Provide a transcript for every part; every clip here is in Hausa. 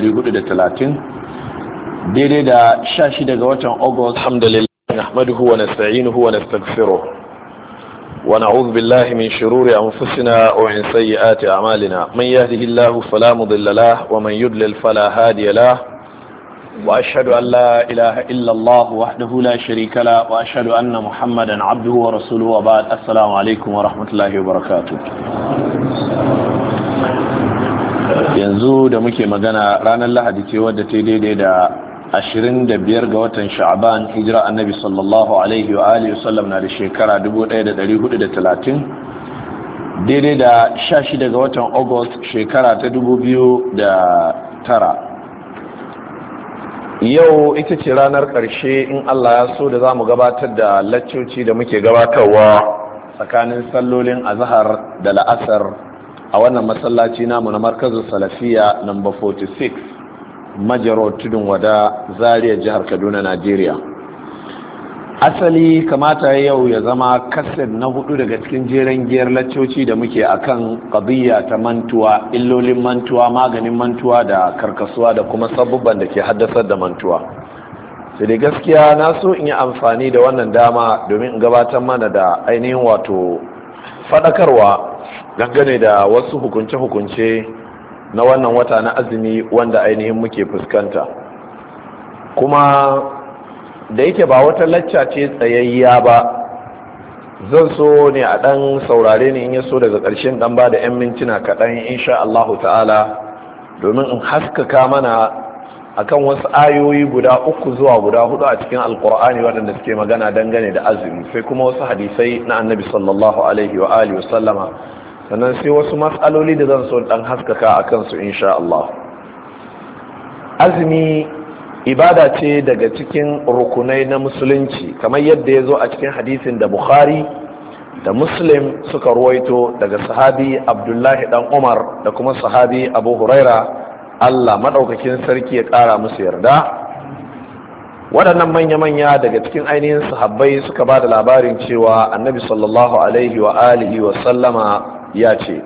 430 daidai da 16 ga watan August alhamdulillah nahmaduhu wa nasta'inuhu wa nastaghfiruh wa na'udhu billahi min shururi anfusina wa min sayyiati a'malina man yahdihillahu fala mudilla lahu wa man yudlil fala hadiya lahu wa ashhadu an la ilaha illa Allah wahdahu la sharika lahu wa ashhadu anna Muhammadan 'abduhu wa rasuluhu wa ba'd assalamu alaykum wa rahmatullahi wa barakatuh yanzu da muke magana ranar lahadi ce wadda ta daidai da ashirin da biyar ga watan sha'aban hijira annabi sallallahu alaihi wa alihi wasallam na da shekara 1430 daidai da 16 ga watan august shekara ta 2009 yau ita ce ranar karshe in allah ya so da za mu gabatar da laccoci da muke gabatarwa tsakanin sallolin azahar da la'asar a wannan masallaci namu na markazin salafiya No. 46 majaro tudun wada zaria jihar kaduna najeriya asali kamata yau ya zama kaset na hudu daga cikin jeren giyar laccoci da muke a kan ƙabiya ta mantuwa illolin mantuwa maganin mantuwa da karkasuwa da kuma sabubban da ke haddasar da mantuwa sai dai gaskiya na so in yi amfani da wannan dama domin in gabatar mana da ainihin wato faɗakarwa Dangane da wasu hukunce-hukunce na wannan wata na azumi wanda ainihin muke fuskanta kuma da yake ba wata lacca ce tsayayya ba zan so ne a ɗan saurare ne in ya so daga ƙarshen ɗan ba da 'yan mintuna kaɗan insha Allahu ta'ala domin in haskaka mana akan wasu ayoyi guda uku zuwa guda hudu a cikin alkur'ani waɗanda suke magana dangane da azumi sai kuma wasu hadisai na annabi sallallahu alaihi wa alihi wa sallama sannan sai wasu matsaloli da zan so dan haskaka a kansu insha Allah azumi ibada ce daga cikin rukunai na musulunci kamar yadda ya zo a cikin hadisin da bukhari da muslim suka ruwaito daga sahabi abdullahi dan umar da kuma sahabi abu huraira allah maɗaukakin sarki ya ƙara musu yarda waɗannan manya-manya daga cikin ainihin sahabbai suka ba da labarin cewa annabi sallallahu alaihi wa alihi wa sallama ya ce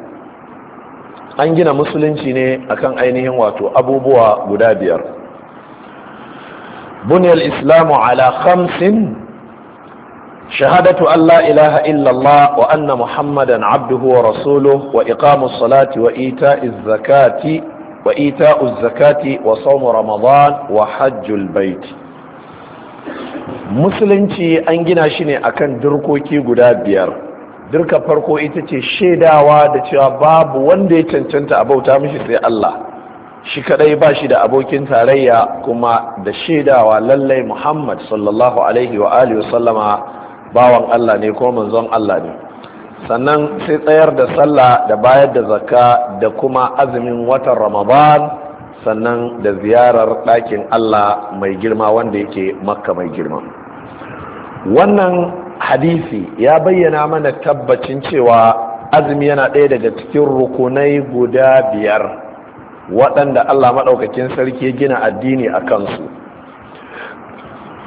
an gina musulunci ne akan ainihin wato abubuwa guda biyar buniyar islamu ala khamsin shahadatu Allah ilaha illallah wa anna muhammadan abduhu wa rasuluhu wa iqamus salati wa ita'iz zakati wa ita'uz zakati wa sawmu ramadan wa hajjul baiti musulunci an gina shi ne akan dirkoki guda biyar dirka farko ita ce shaidawa da cewa babu wanda ya cancanta a bauta mishi sai Allah shi kadai ba shi da abokin tarayya kuma da shaidawa lallai Muhammad sallallahu alaihi wa alihi wa sallama bawan Allah ne ko manzon Allah ne sannan sai tsayar da sallah da bayar da zakka da kuma azumin watan Ramadan sannan da ziyarar ɗakin Allah mai girma wanda yake makka mai girma wannan hadisi ya bayyana mana tabbacin cewa azumi yana ɗaya daga cikin rukunai guda biyar waɗanda Allah maɗaukakin sarki gina addini a kansu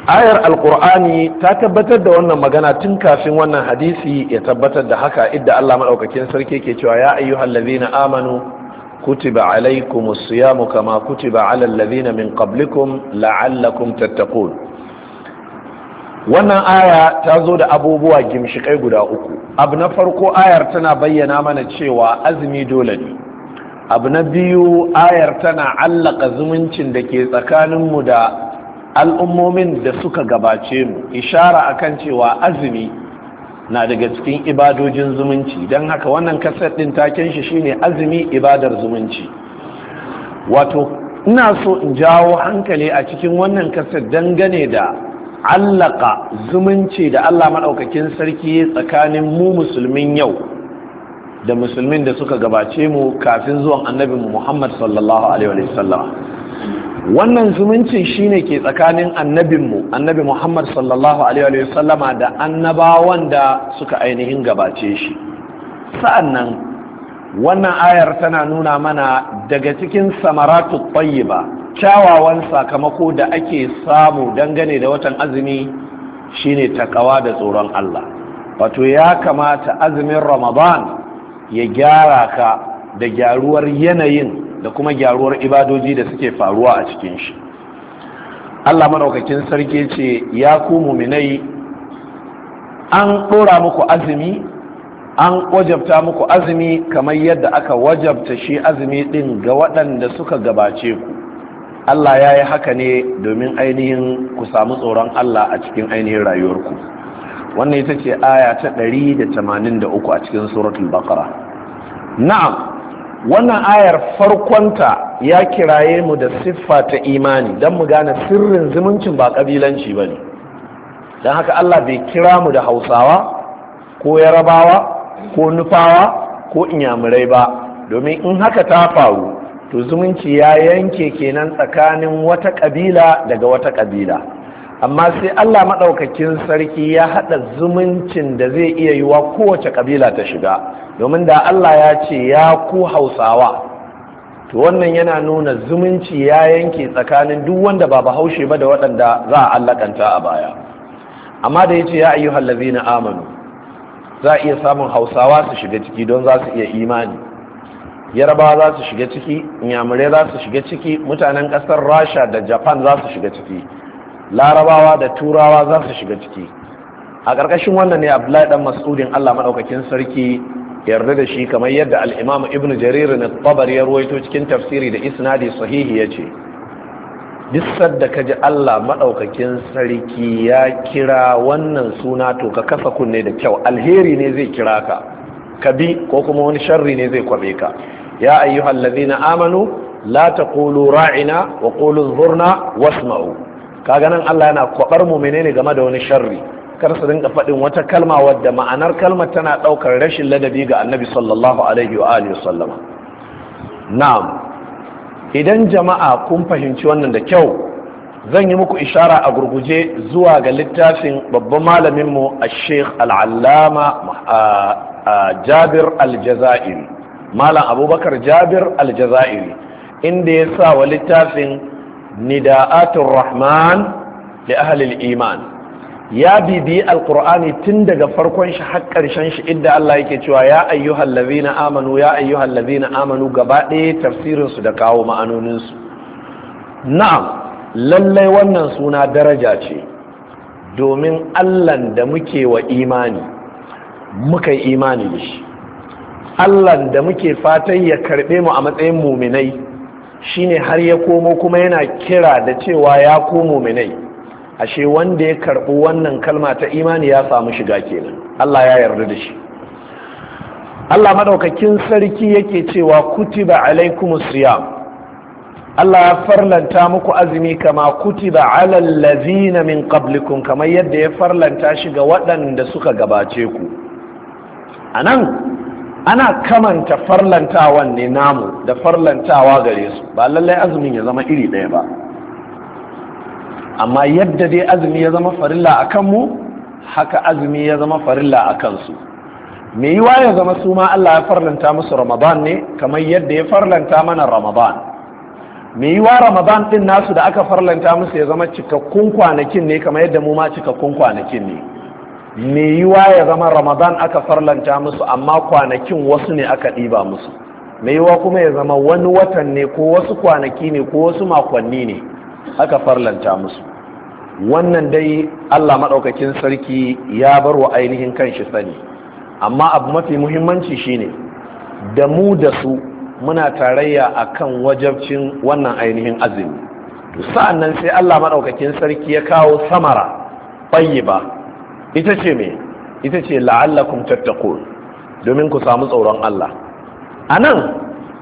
ayar alkur'ani ta tabbatar da wannan magana tun kafin wannan hadisi ya tabbatar da haka idda Allah maɗaukakin sarki ke cewa ya ayyuhallazina amanu كتب عليكم الصيام كما كتب على الذين من قبلكم لعلكم تتقون wannan aya ta zo da abubuwa gimshikai guda uku abu na farko ayar tana bayyana mana cewa azumi dole ne abu na biyu ayar tana allaka zumuncin da ke tsakaninmu da al'ummomin da suka gabace mu ishara akan cewa azumi na daga cikin ibadojin zumunci don haka wannan kasar ɗin taken shi shine azumi ibadar zumunci wato ina so in jawo hankali a cikin wannan kasar dangane da allaka zumunci da allah maɗaukakin sarki tsakanin mu musulmin yau da musulmin da suka gabace mu kafin zuwan annabinmu muhammad sallallahu alaihi wasallam wannan zumuncin shine ke tsakanin annabinmu annabi muhammad sallallahu alaihi sallama da annabawan da suka ainihin gabace shi sa'annan wannan ayar tana nuna mana daga cikin samaratu tayyiba kyawawan sakamako da ake samu dangane da watan azumi shine takawa da tsoron Allah wato ya kamata azumin ramadan ya gyara ka da gyaruwar yanayin da kuma gyaruwar ibadoji da suke faruwa a cikin shi Allah maɗaukakin sarki ce ya ku muminai an ɗora muku azumi an wajabta muku azumi kamar yadda aka wajabta shi azumi ɗin ga waɗanda suka gabace ku Allah ya yi haka ne domin ainihin ku samu tsoron Allah a cikin ainihin rayuwarku wannan ita ce aya ta 183 a cikin suratul baqara na'am wannan ayar farkonta ya kiraye mu da siffa ta imani don mu gane sirrin zumuncin ba kabilanci ba ne don haka allah bai kira mu da hausawa ko yarabawa ko nufawa ko inyamurai ba domin in haka ta faru to zumunci ya yanke kenan tsakanin wata ƙabila daga wata ƙabila. amma sai Allah maɗaukakin sarki ya haɗa zumuncin da zai iya yiwa kowace ƙabila ta shiga domin da Allah ya ce ya ku hausawa to wannan yana nuna zumunci ya yanke tsakanin duk wanda ba bahaushe ba da waɗanda za a allakanta a baya amma da ya ce ya ayyuhal na amanu za a iya samun hausawa su shiga ciki don za su iya imani yarabawa za su shiga ciki inyamurai za su shiga ciki mutanen ƙasar rasha da japan za su shiga ciki larabawa da turawa za su shiga ciki a ƙarƙashin wannan ne abdullahi dan mas'udin allah maɗaukakin sarki yarda da shi kamar yadda al'imam ibn jarir na tabar ya ruwaito cikin tafsiri da isnadi sahihi ya ce duk sadda ka ji allah maɗaukakin sarki ya kira wannan suna to ka kasa kunne da kyau alheri ne zai kira ka ka bi ko kuma wani sharri ne zai kwabe ka ya ayyuhallazina amanu la taqulu ra'ina wa qulu zurna wasma'u kaga nan Allah yana kwabar mu menene game da wani sharri kar su dinga faɗin wata kalma wadda ma'anar kalmar tana ɗaukar rashin ladabi ga annabi sallallahu alaihi wa alihi sallama na'am idan jama'a kun fahimci wannan da kyau zan yi muku ishara a gurguje zuwa ga littafin babban malaminmu a sheikh al-allama jabir al-jaza'iri malam abubakar jabir al-jaza'iri inda ya sa wa littafin nida'atul rahman li ahlil iman ya bibi alqur'ani tun daga farkon shi har karshen shi inda Allah yake cewa ya ayyuhal ladzina amanu ya ayyuhal ladzina amanu gaba ɗaya tafsirin da kawo ma'anonin na'am lallai wannan suna daraja ce domin Allah da muke wa imani muka yi imani da shi Allah da muke fatan ya karɓe mu a matsayin muminai shine har ya komo kuma yana kira da cewa ya komo minai ashe wanda ya karɓi wannan kalma ta imani ya samu shiga kenan Allah ya yarda da shi Allah maɗaukakin sarki yake cewa kutiba alaikumus siyam Allah ya farlanta muku azumi kama kutiba alal na min qablikum kamar yadda ya farlanta shi ga waɗanda suka gabace ku anan ana kamanta farlantawa ne namu da farlantawa gare su ba lallai azumin ya zama iri ɗaya ba amma yadda dai azumi ya zama farilla a kanmu haka azumi ya zama farilla a kansu me yiwa ya zama su ma Allah ya farlanta musu ramadan ne kamar yadda ya farlanta mana ramadan me yiwa ramadan ɗin nasu da aka farlanta musu ya zama cikakkun kwanakin ne kamar yadda mu ma cikakkun kwanakin ne mai yiwa ya zama ramadan aka farlanta musu amma kwanakin wasu ne aka ɗiba musu mai yiwa kuma ya zama wani watan ne ko wasu kwanaki ne ko wasu makonni ne aka farlanta musu wannan dai allah maɗaukakin sarki ya bar wa ainihin kan shi sani amma abu mafi muhimmanci shine da mu da su muna tarayya a kan wajabcin wannan ainihin azumi sa'an nan sai allah maɗaukakin sarki ya kawo samara ɓayi ba ita ce me ita ce la'allakum tattaqun domin ku samu tsoron Allah anan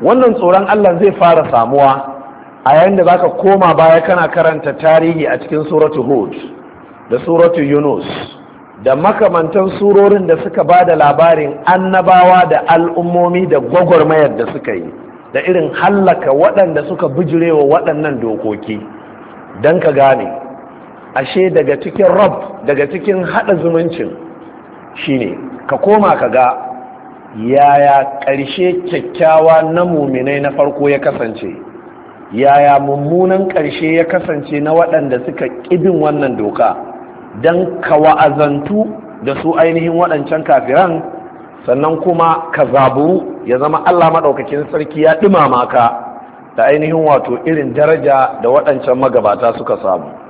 wannan tsoron Allah zai fara samuwa a yayin da zaka koma baya kana karanta tarihi a cikin suratu hud da suratu yunus da makamantan surorin da suka ba da labarin annabawa da al'ummomi da gwagwarmayar da suka yi da irin hallaka waɗanda suka bijirewa waɗannan dokoki don ka gane ashe daga cikin rob daga cikin hada zumuncin shine ka koma ka ga yaya ƙarshe kyakkyawa na muminai na farko ya kasance yaya mummunan ƙarshe ya kasance na waɗanda suka ƙibin wannan doka don ka wa'azantu da su ainihin waɗancan kafiran sannan kuma ka zaburu ya zama allah maɗaukakin sarki ya ɗumama ka da ainihin wato irin daraja da waɗancan magabata suka samu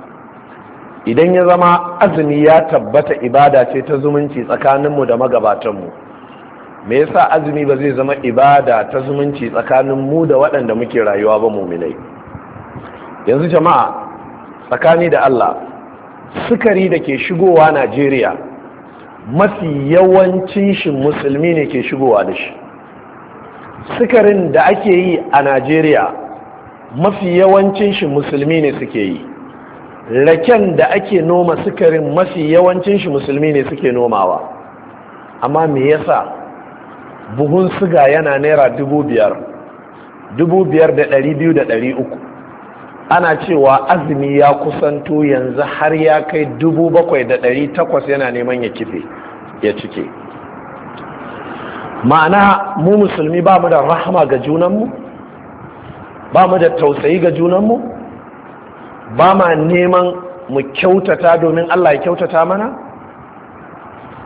idan ya zama azumi ya tabbata ibada ce ta zumunci tsakaninmu da magabatanmu me yasa azumi ba zai zama ibada ta zumunci tsakanin mu da waɗanda muke rayuwa ba muminai yanzu jama'a tsakani da Allah sukari da ke shigowa Najeriya mafi yawancin shi musulmi ne ke shigowa da shi sukarin da ake yi a Najeriya mafi yawancin shi musulmi ne suke yi raken da ake noma sukarin mafi yawancin shi musulmi ne suke nomawa amma me yasa buhun suga yana naira dubu biyar dubu biyar da ɗari biyu da ɗari uku ana cewa azumi ya kusanto yanzu har ya kai dubu bakwai da ɗari takwas yana neman ya kife ya cike ma'ana mu musulmi ba mu da rahama ga junanmu ba mu da tausayi ga junanmu ba ma neman mu kyautata domin Allah ya kyautata mana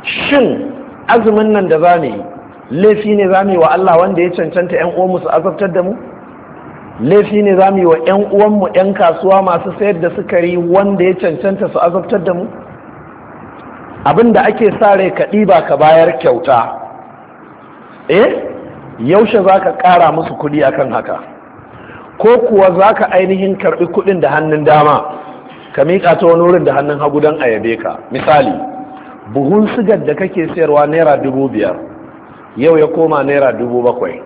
shin azumin nan da za mu yi laifi ne za mu yi wa Allah wanda ya cancanta yan uwanmu su azabtar da mu laifi ne za mu yi wa yan uwanmu yan kasuwa masu sayar da sukari wanda ya cancanta su azabtar da mu abin da ake sa rai ka ɗiba ka bayar kyauta eh yaushe za ka ƙara musu kuɗi akan haka ko kuwa za ka ainihin karɓi kuɗin da hannun dama ka miƙa ta wani wurin da hannun hagu don ayabe ka misali buhun sigar da kake sayarwa naira dubu biyar yau ya koma naira dubu bakwai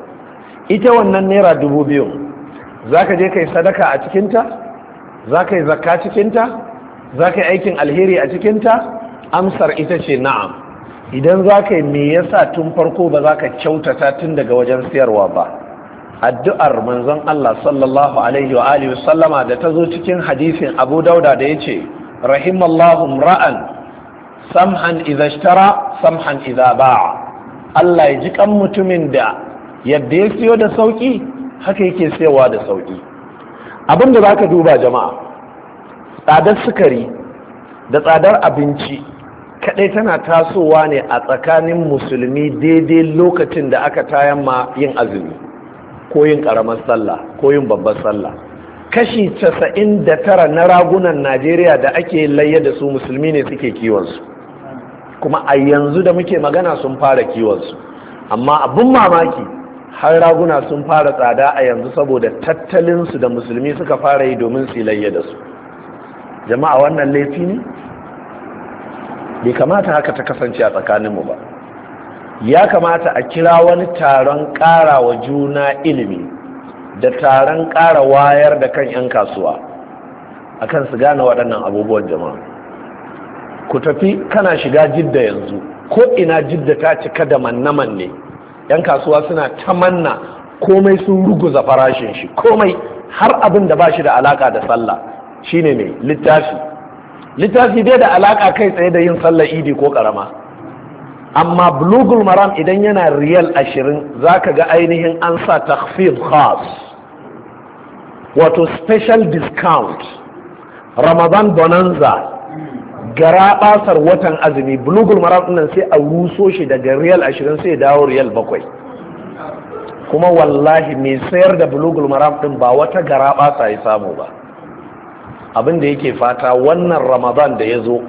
ita wannan naira dubu biyu za ka je kai sadaka a cikinta za ka yi zakka cikinta za ka yi aikin alheri a cikinta amsar ita ce na'am idan za ka yi me yasa tun farko ba za ka kyautata tun daga wajen sayarwa ba addu'ar manzon Allah sallallahu alaihi wa alihi sallama da ta zo cikin hadisin Abu Dauda da yace rahimallahu ra'an samhan idza ishtara samhan idza Allah ya ji kan mutumin da yadda ya siyo da sauƙi, haka yake sayowa da sauƙi. abin da zaka duba jama'a tsadar sukari da tsadar abinci kaɗai tana tasowa ne a tsakanin musulmi daidai lokacin da aka tayan ma yin azumi ko yin karamar sallah ko yin babbar sallah kashi casa'in da tara na ragunan najeriya da ake layya da su musulmi ne suke kiwonsu kuma a yanzu da muke magana sun fara kiwonsu amma abin mamaki har raguna sun fara tsada a yanzu saboda tattalinsu da musulmi suka fara yi domin su layya da su jama'a wannan laifi ne bai kamata haka ta kasance a tsakaninmu ba ya kamata a kira wani taron ƙara wa juna ilimi da taron ƙara wayar da kan 'yan kasuwa a kan su gane waɗannan abubuwan jama'a ku tafi kana shiga jidda yanzu ko ina jidda ta cika da manne-manne 'yan kasuwa suna ta manna komai sun ruguza farashin shi komai har abin da ba shi da alaka da sallah shine mai littafi littafi dai da alaka kai tsaye da yin sallar idi ko karama amma bulugul maram idan yana riyal ashirin za ka ga ainihin an sa takfif khas wato special discount ramadan bonanza gara basar watan azumi bulugul maram nan sai a ruso shi daga riyal ashirin sai dawo riyal bakwai kuma wallahi mai sayar da bulugul maram din ba wata gara basa ya samu ba abin da yake fata wannan ramadan da ya zo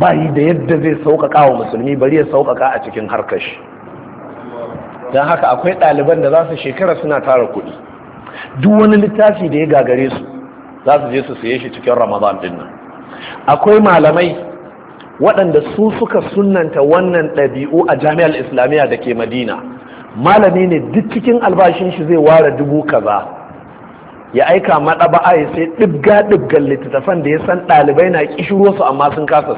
Ba yi da yadda zai sauƙaƙa wa musulmi bari ya sauƙaƙa a cikin harkashi shi don haka akwai ɗaliban da za su shekara suna tara kuɗi duk wani littafi da ya gagare su za su je su saye shi cikin ramadan din nan akwai malamai waɗanda su suka sunanta wannan ɗabi'u a jami'ar islamiyya da ke madina malami ne duk cikin albashin shi zai ware dubu kaza ya aika maɗaba'a yi sai ɗibga ɗibgan littattafan da ya san ɗalibai na ƙishiro su amma sun kasa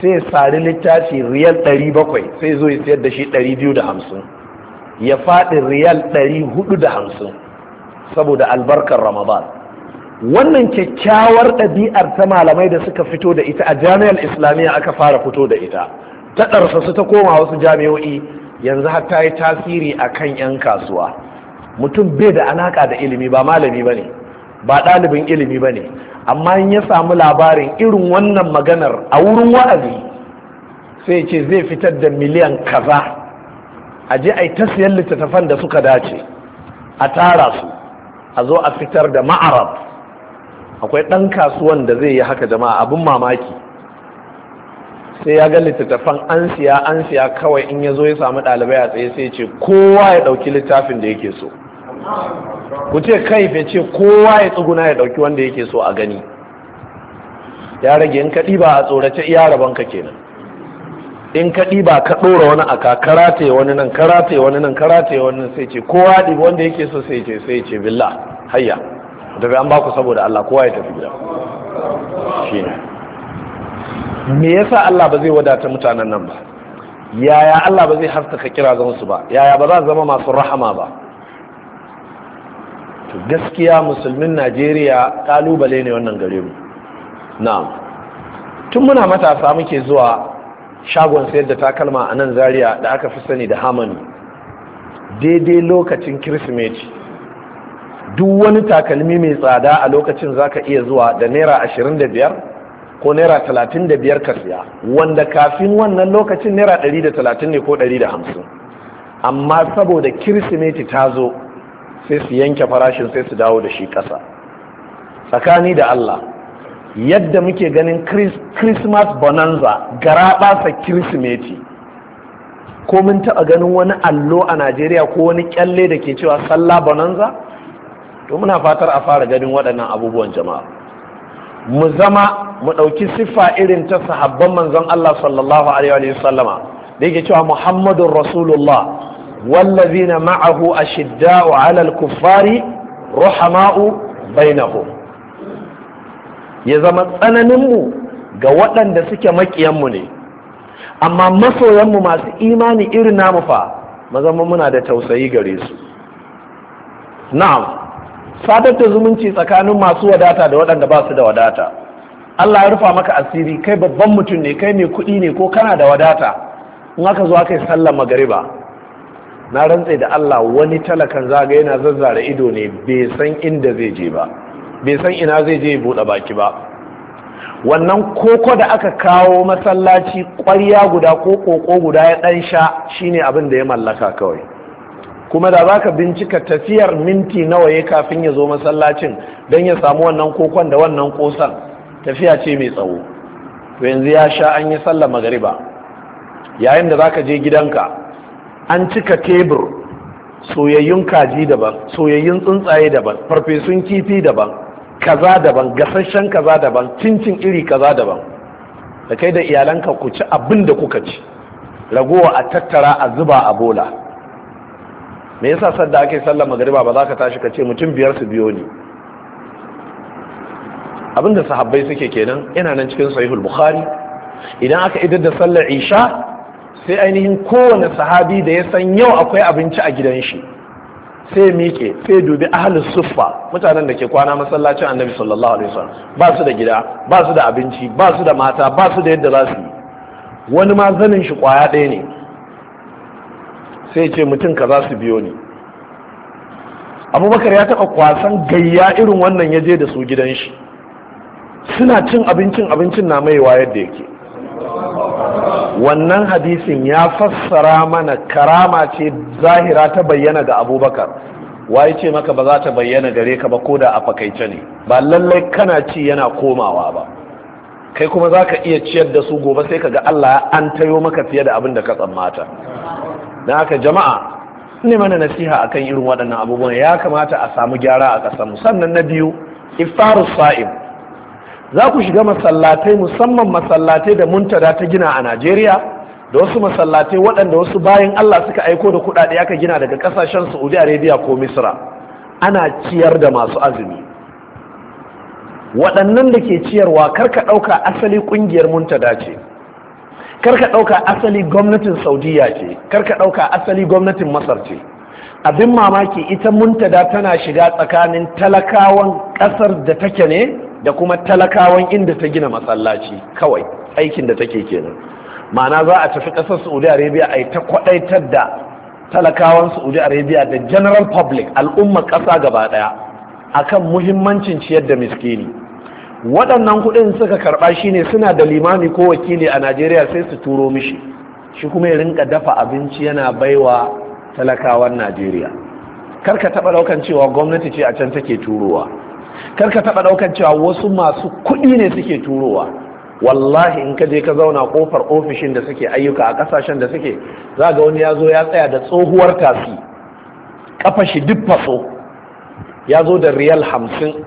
siye sai sari littafi riyal ɗari 700 sai zo ya sayar da shi 250 ya faɗi riyal ɗari 450 saboda albarkar ramadan wannan kyakkyawar ɗabi'ar ta malamai da suka fito da ita a jami'ar islamiyya aka fara fito da ita ta ɗarsa su ta koma wasu jami'o'i yanzu har ta yi tasiri a kan 'yan kasuwa mutum bai da alaka da ilimi ba malami ba ne ba ɗalibin ilimi ba ne amma in ya samu labarin irin wannan maganar a wurin wa'azi sai ce zai fitar da miliyan kaza a je a yi ta siyan littattafan da suka dace a tara su a zo a fitar da ma'arab akwai ɗan kasuwan da zai yi haka jama'a abin mamaki sai ya ga littattafan an siya an siya kawai in ya zo ya samu ɗalibai a tsaye sai ce kowa ya ɗauki littafin da yake so ku ce kai bai ce kowa ya tsuguna ya ɗauki wanda yake so a gani ya rage in kaɗi ba a tsorace iya ka kenan in kaɗi ba ka ɗora wani aka karate wani nan karate wani nan karate wani nan sai ce kowa ɗi wanda yake so sai ce sai ce billah hayya tafi an ba ku saboda Allah kowa ya tafi gida shine me yasa Allah ba zai wadata mutanen nan ba yaya Allah ba zai haskaka kirazansu ba yaya ba za zama masu rahama ba to gaskiya musulmin Najeriya kalubale ne wannan gare mu na'am tun muna matasa muke zuwa shagon sayar da takalma a nan Zaria da aka fi sani da Hamani daidai lokacin Kirsimeti duk wani takalmi mai tsada a lokacin zaka iya zuwa da naira biyar? ko naira talatin da biyar ka siya wanda kafin wannan lokacin naira ɗari da talatin ne ko ɗari da hamsin amma saboda kirsimeti ta zo sai su yanke farashin sai su dawo da shi ƙasa tsakani da allah yadda muke ganin christmas bonanza gara ɓasa kirsimeti ko mun taɓa ganin wani allo a najeriya ko wani kyalle da ke cewa sallah bonanza to muna fatar a fara ganin waɗannan abubuwan jama'a mu zama mu ɗauki siffa irin ta sahabban manzon Allah sallallahu alaihi da yake cewa Muhammadun Rasulullah wallazina ma'ahu ashidda'u 'alal kuffari ruhama'u bainahu. ya zama tsananin mu ga waɗanda suke makiyan mu ne amma masoyanmu masu imani irin namu fa mu zama muna da tausayi gare su na'am sadar da zumunci tsakanin masu wadata da waɗanda ba su da wadata Allah ya rufa maka asiri kai babban mutum ne kai mai kuɗi ne ko kana da wadata in aka zo aka yi sallar magariba na rantse da Allah wani talakan zaga yana zazzara ido ne bai san inda zai je ba bai san ina zai je buɗe baki ba wannan koko da aka kawo masallaci ƙwarya guda ko koko guda ya ɗan sha shine abin da ya mallaka kawai kuma da za ka bincika tafiyar minti nawa ya kafin ya zo masallacin don ya samu wannan kokon da wannan kosan tafiya ce mai tsawo to yanzu ya sha an yi sallar magariba yayin da za ka je gidanka an cika tebur soyayyun kaji daban soyayyun tsuntsaye daban farfesun kifi daban kaza daban gasasshen kaza daban cincin iri kaza daban da kai da iyalanka ku ci abin da kuka ci ragowa a tattara a zuba a bola me yasa sadda ake sallar magariba ba za ka tashi ka ce mutum biyar su biyo ni abinda sahabbai suke kenan yana nan cikin sahihul bukhari idan aka idar da sallar isha sai ainihin kowane sahabi da ya san yau akwai abinci a gidan shi sai miƙe sai dubi ahalus suffa mutanen da ke kwana masallacin annabi sallallahu alaihi wasallam ba su da gida ba su da abinci ba su da mata ba su da yadda za su yi wani ma zanin shi kwaya ɗaya ne sai ce mutum ka za su biyo ni abubakar ya taɓa kwasan gayya irin wannan ya je da su gidan shi suna cin abincin abincin na maiwa yadda yake wannan hadisin ya fassara mana karama ce zahira ta bayyana ga abubakar waye ce maka ba za ta bayyana gare ka ba ko a fakaice ne ba lallai kana ci yana komawa ba kai kuma za ka iya ciyar da su gobe sai ka ga allah ya an tayo maka fiye da abin da ka tsammata da aka jama'a ne mana nasiha akan irin waɗannan abubuwan ya kamata a samu gyara a ƙasa sannan na biyu iftarus sa'im za ku shiga masallatai musamman masallatai da muntada ta gina a Najeriya da wasu masallatai waɗanda wasu bayan Allah suka aiko da kuɗaɗe aka gina daga ƙasashen Saudi Arabia ko Misra ana ciyar da masu azumi waɗannan da ke ciyarwa karka ɗauka asali ƙungiyar muntada ce karka ɗauka asali gwamnatin saudiya ce karka ɗauka asali gwamnatin masar ce abin mamaki ita muntada tana shiga tsakanin talakawan ƙasar da take ne da kuma talakawan inda ta gina masallaci kawai aikin da take kenan ma'ana za a tafi ƙasar saudi arabia a yi ta kwaɗaitar da talakawan saudi arabia da general public al'ummar ƙasa gaba ɗaya akan muhimmancin ciyar da miskini waɗannan kuɗin suka karɓa shi ne suna da limami ko wakili a najeriya sai su turo mishi shi kuma ya rinka dafa abinci yana baiwa talakawan najeriya karka ka taɓa ɗaukan cewa gwamnati ce a can take turowa karka taɓa ɗaukan cewa wasu masu kuɗi ne suke turowa wallahi in ka je ka zauna ƙofar ofishin da suke ayyuka a ƙasashen da suke za ga wani ya zo ya tsaya da tsohuwar tasi kafa shi duk faso ya zo da riyal hamsin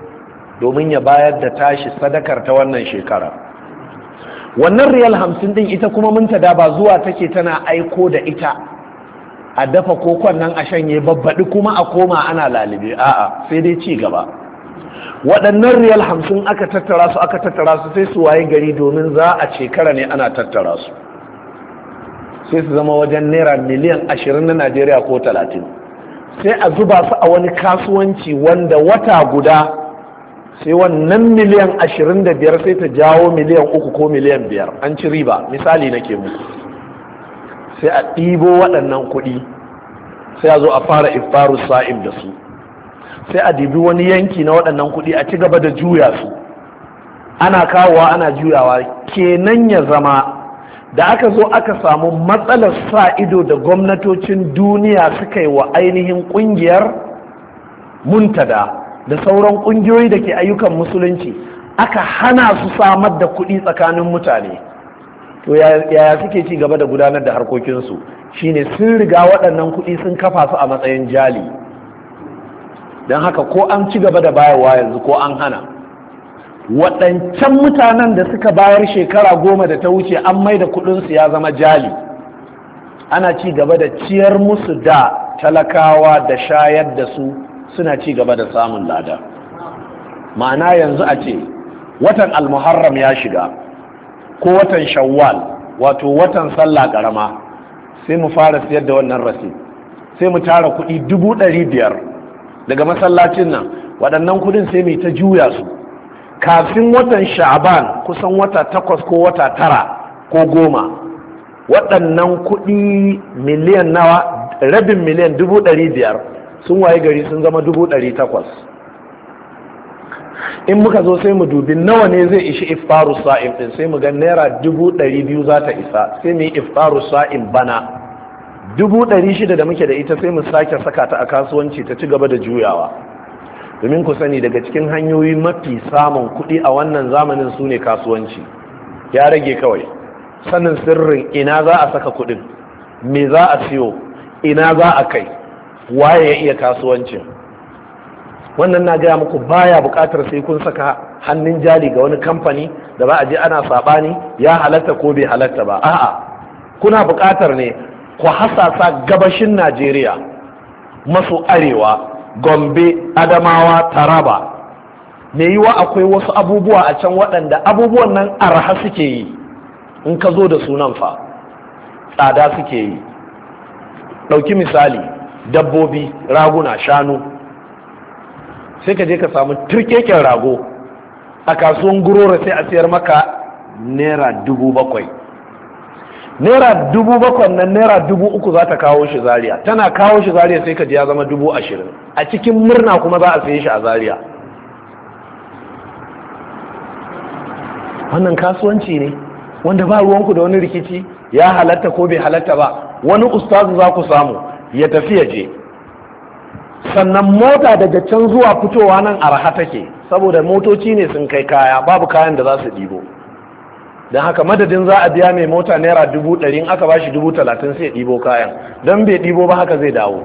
domin ya bayar da tashi sadakar ta wannan shekara wannan riyal hamsin din ita kuma muntada ba zuwa take tana aiko da ita a dafa kokon nan a shanye babbaɗi kuma a koma ana lalibe a'a sai dai ci gaba waɗannan riyal hamsin aka tattara su aka tattara su sai su waye gari domin za a shekara ne ana tattara su sai su zama wajen naira miliyan ashirin na najeriya ko talatin sai a zuba su a wani kasuwanci wanda wata guda sai wannan miliyan ashirin da biyar sai ta jawo miliyan uku ko miliyan biyar an ci riba misali nake muku sai a ɗibo waɗannan kuɗi sai a zo a fara ifaru sa'im da su sai a dibi wani yanki na waɗannan kuɗi a ci gaba da juya su ana kawowa ana juyawa kenan ya zama da aka zo aka samu matsalar sa ido da gwamnatocin duniya suka yi wa ainihin ƙungiyar muntada da sauran ƙungiyoyi da ke ayyukan musulunci aka hana su samar da kuɗi tsakanin mutane to yaya suke ci gaba da gudanar da harkokinsu shine sun riga waɗannan kuɗi sun kafa su a matsayin jali don haka ko an ci gaba da bayarwa yanzu ko an hana waɗancan mutanen da suka bayar shekara goma da ta wuce an mai da kuɗinsu ya zama jali ana ci gaba da ciyar musu da talakawa da shayar da su suna ci gaba da samun lada ma'ana yanzu a ce watan almuharram ya shiga ko watan shawwal wato watan sallah karama sai mu fara siyar da wannan rasi sai mu tara kuɗi dubu ɗari biyar daga masallacin nan waɗannan kuɗin sai mu ta juya su kafin watan sha'aban kusan wata takwas ko wata tara ko goma waɗannan kuɗi miliyan nawa rabin miliyan dubu ɗari biyar sun waye gari sun zama dubu ɗari takwas in muka zo sai mu dubi nawa ne zai ishi iftaru sa'in din sai mu ga naira dubu ɗari biyu za ta isa sai mu yi iftaru sa'in bana dubu ɗari shida da muke da ita sai mu sake saka ta a kasuwanci ta ci gaba da juyawa domin ku sani daga cikin hanyoyi mafi samun kuɗi a wannan zamanin su ne kasuwanci ya rage kawai sanin sirrin ina za a saka kuɗin me za a siyo ina za a kai waye ya iya kasuwancin wannan na gaya muku baya buƙatar sai kun saka hannun jari ga wani kamfani da ba a je ana saɓani ya halatta ko bai halatta ba a'a kuna buƙatar ne ku hasasa gabashin najeriya maso arewa gombe adamawa taraba me yiwa akwai wasu abubuwa a can waɗanda abubuwan nan arha suke yi in ka zo da sunan fa tsada suke yi ɗauki misali dabbobi raguna shanu sai ka je ka samu turkeken rago a kasuwan gurora sai a siyar maka naira dubu bakwai naira dubu bakwai na naira dubu uku za ta kawo shi zaria tana kawo shi zaria sai ka ji ya zama dubu ashirin a cikin murna kuma za a sayi shi a zaria wannan kasuwanci ne wanda ba ruwanku da wani rikici ya halatta ko bai halatta ba wani ustazu za ku samu ya tafi ya je sannan mota daga can zuwa fitowa nan arha take saboda motoci ne sun kai kaya babu kayan da za su ɗibo don haka madadin za a biya mai mota naira dubu ɗari aka ba shi dubu talatin sai ɗibo kayan don bai ɗibo ba haka zai dawo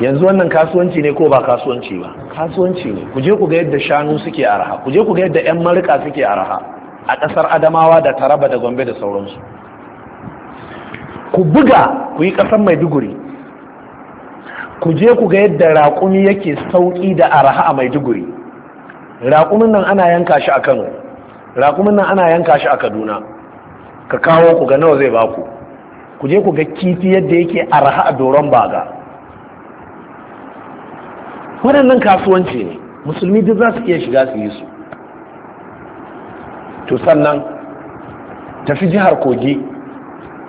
yanzu wannan kasuwanci ne ko ba kasuwanci ba kasuwanci ne ku je ku ga yadda shanu suke arha ku je ku ga yadda 'yan marika suke arha a ƙasar adamawa da taraba da gombe da sauransu ku buga ku yi ƙasar maiduguri ku je ku ga yadda raƙumi yake sauƙi da araha a maiduguri raƙumin nan ana yanka shi a kano raƙumin nan ana yanka shi a kaduna ka kawo ku ga nawa zai baku ku je ku ga kifi yadda yake araha a doron baga waɗannan kasuwanci ne musulmi duk za su iya shiga su yi su to sannan tafi jihar kogi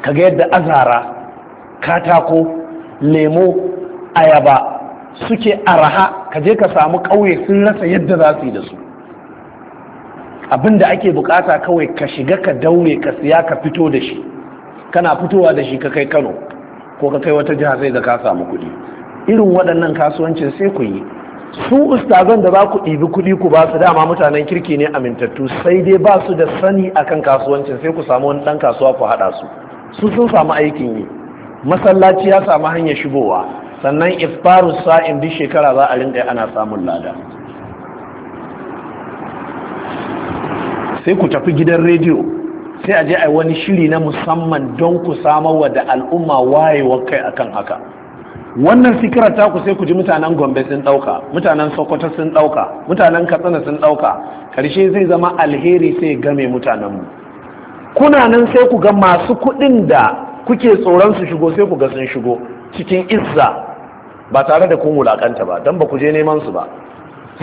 kaga yadda azara katako lemo ayaba suke araha ka je ka samu ƙauye sun rasa yadda za su yi da su abin ake bukata kawai ka shiga ka daure ka siya ka fito da shi kana fitowa da shi ka kai kano ko ka kai wata jiha sai da ka samu kuɗi irin waɗannan kasuwancin sai ku yi su ustazan da za ku ɗibi kuɗi ku ba su dama mutanen kirki ne amintattu sai dai ba su da sani akan kasuwancin sai ku samu wani ɗan kasuwa ku haɗa su su sun samu aikin yi masallaci ya samu hanyar shigowa sannan iftaru sa'in duk shekara za a rinka ana samun lada sai ku tafi gidan rediyo sai a je a wani shiri na musamman don ku samarwa da al'umma wayewar kai akan haka wannan ta ku sai ku ji mutanen gombe sun ɗauka mutanen sokoto sun ɗauka mutanen katsina sun ɗauka karshe zai zama alheri sai game mutanenmu kuna nan sai ku ga masu kuɗin da kuke tsoron su shigo sai ku ga sun shigo cikin izza ba tare da kun wulakanta ba don ba ku je neman su ba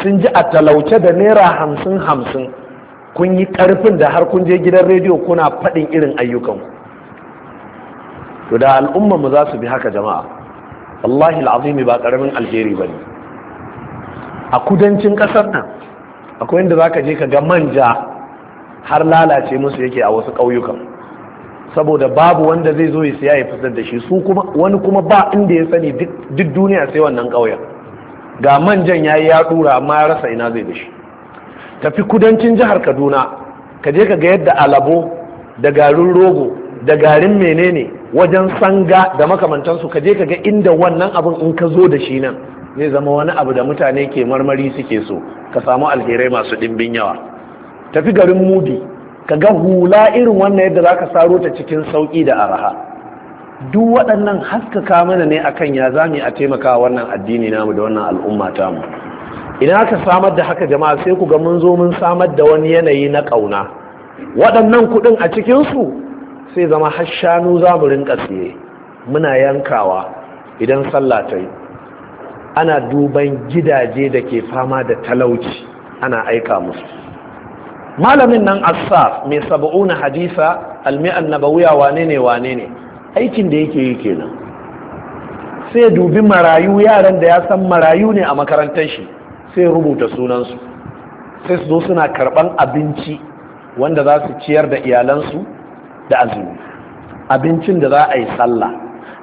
sun ji a talauce da naira hamsin hamsin kun yi ƙarfin da har kun je gidan rediyo kuna faɗin irin ayyukan to da al'umma mu za su bi haka jama'a wallahi al'azimi ba ƙaramin alheri ba ne a kudancin ƙasar nan akwai inda za ka je ka ga manja har lalace musu yake a wasu ƙauyukan saboda babu wanda zai zo ya ya fitar da shi su kuma wani kuma ba inda ya sani duk duniya sai wannan ƙauyen ga manjan ya yi ya ɗura amma ya rasa ina zai da shi tafi kudancin jihar kaduna ka je ka ga yadda alabo da garin rogo da garin menene wajen sanga da makamantansu ka je ka ga inda wannan abin in ka zo da shi nan zai zama wani abu da mutane ke marmari suke so ka samu alherai masu ɗimbin yawa tafi garin mudi ka ga hula irin wannan yadda za ka saro ta cikin sauƙi da araha duk waɗannan haskaka mana ne akan ya zami a taimaka wannan addini namu da wannan al'umma mu. idan aka samar da haka jama'a sai ku ga mun zo mun samar da wani yanayi na ƙauna waɗannan kuɗin a cikinsu sai zama har shanu za mu rinka siye muna yankawa idan sallah yi ana duban gidaje da ke fama da talauci ana aika musu malamin nan asaf mai saba'una hadisa almi'an nabawiya wane ne wane ne aikin da yake yi kenan sai dubi marayu yaran da ya san marayu ne a makarantar shi sai rubuta sunansu sai su zo suna karban abinci wanda za su ciyar da iyalansu da azumi abincin da za a yi sallah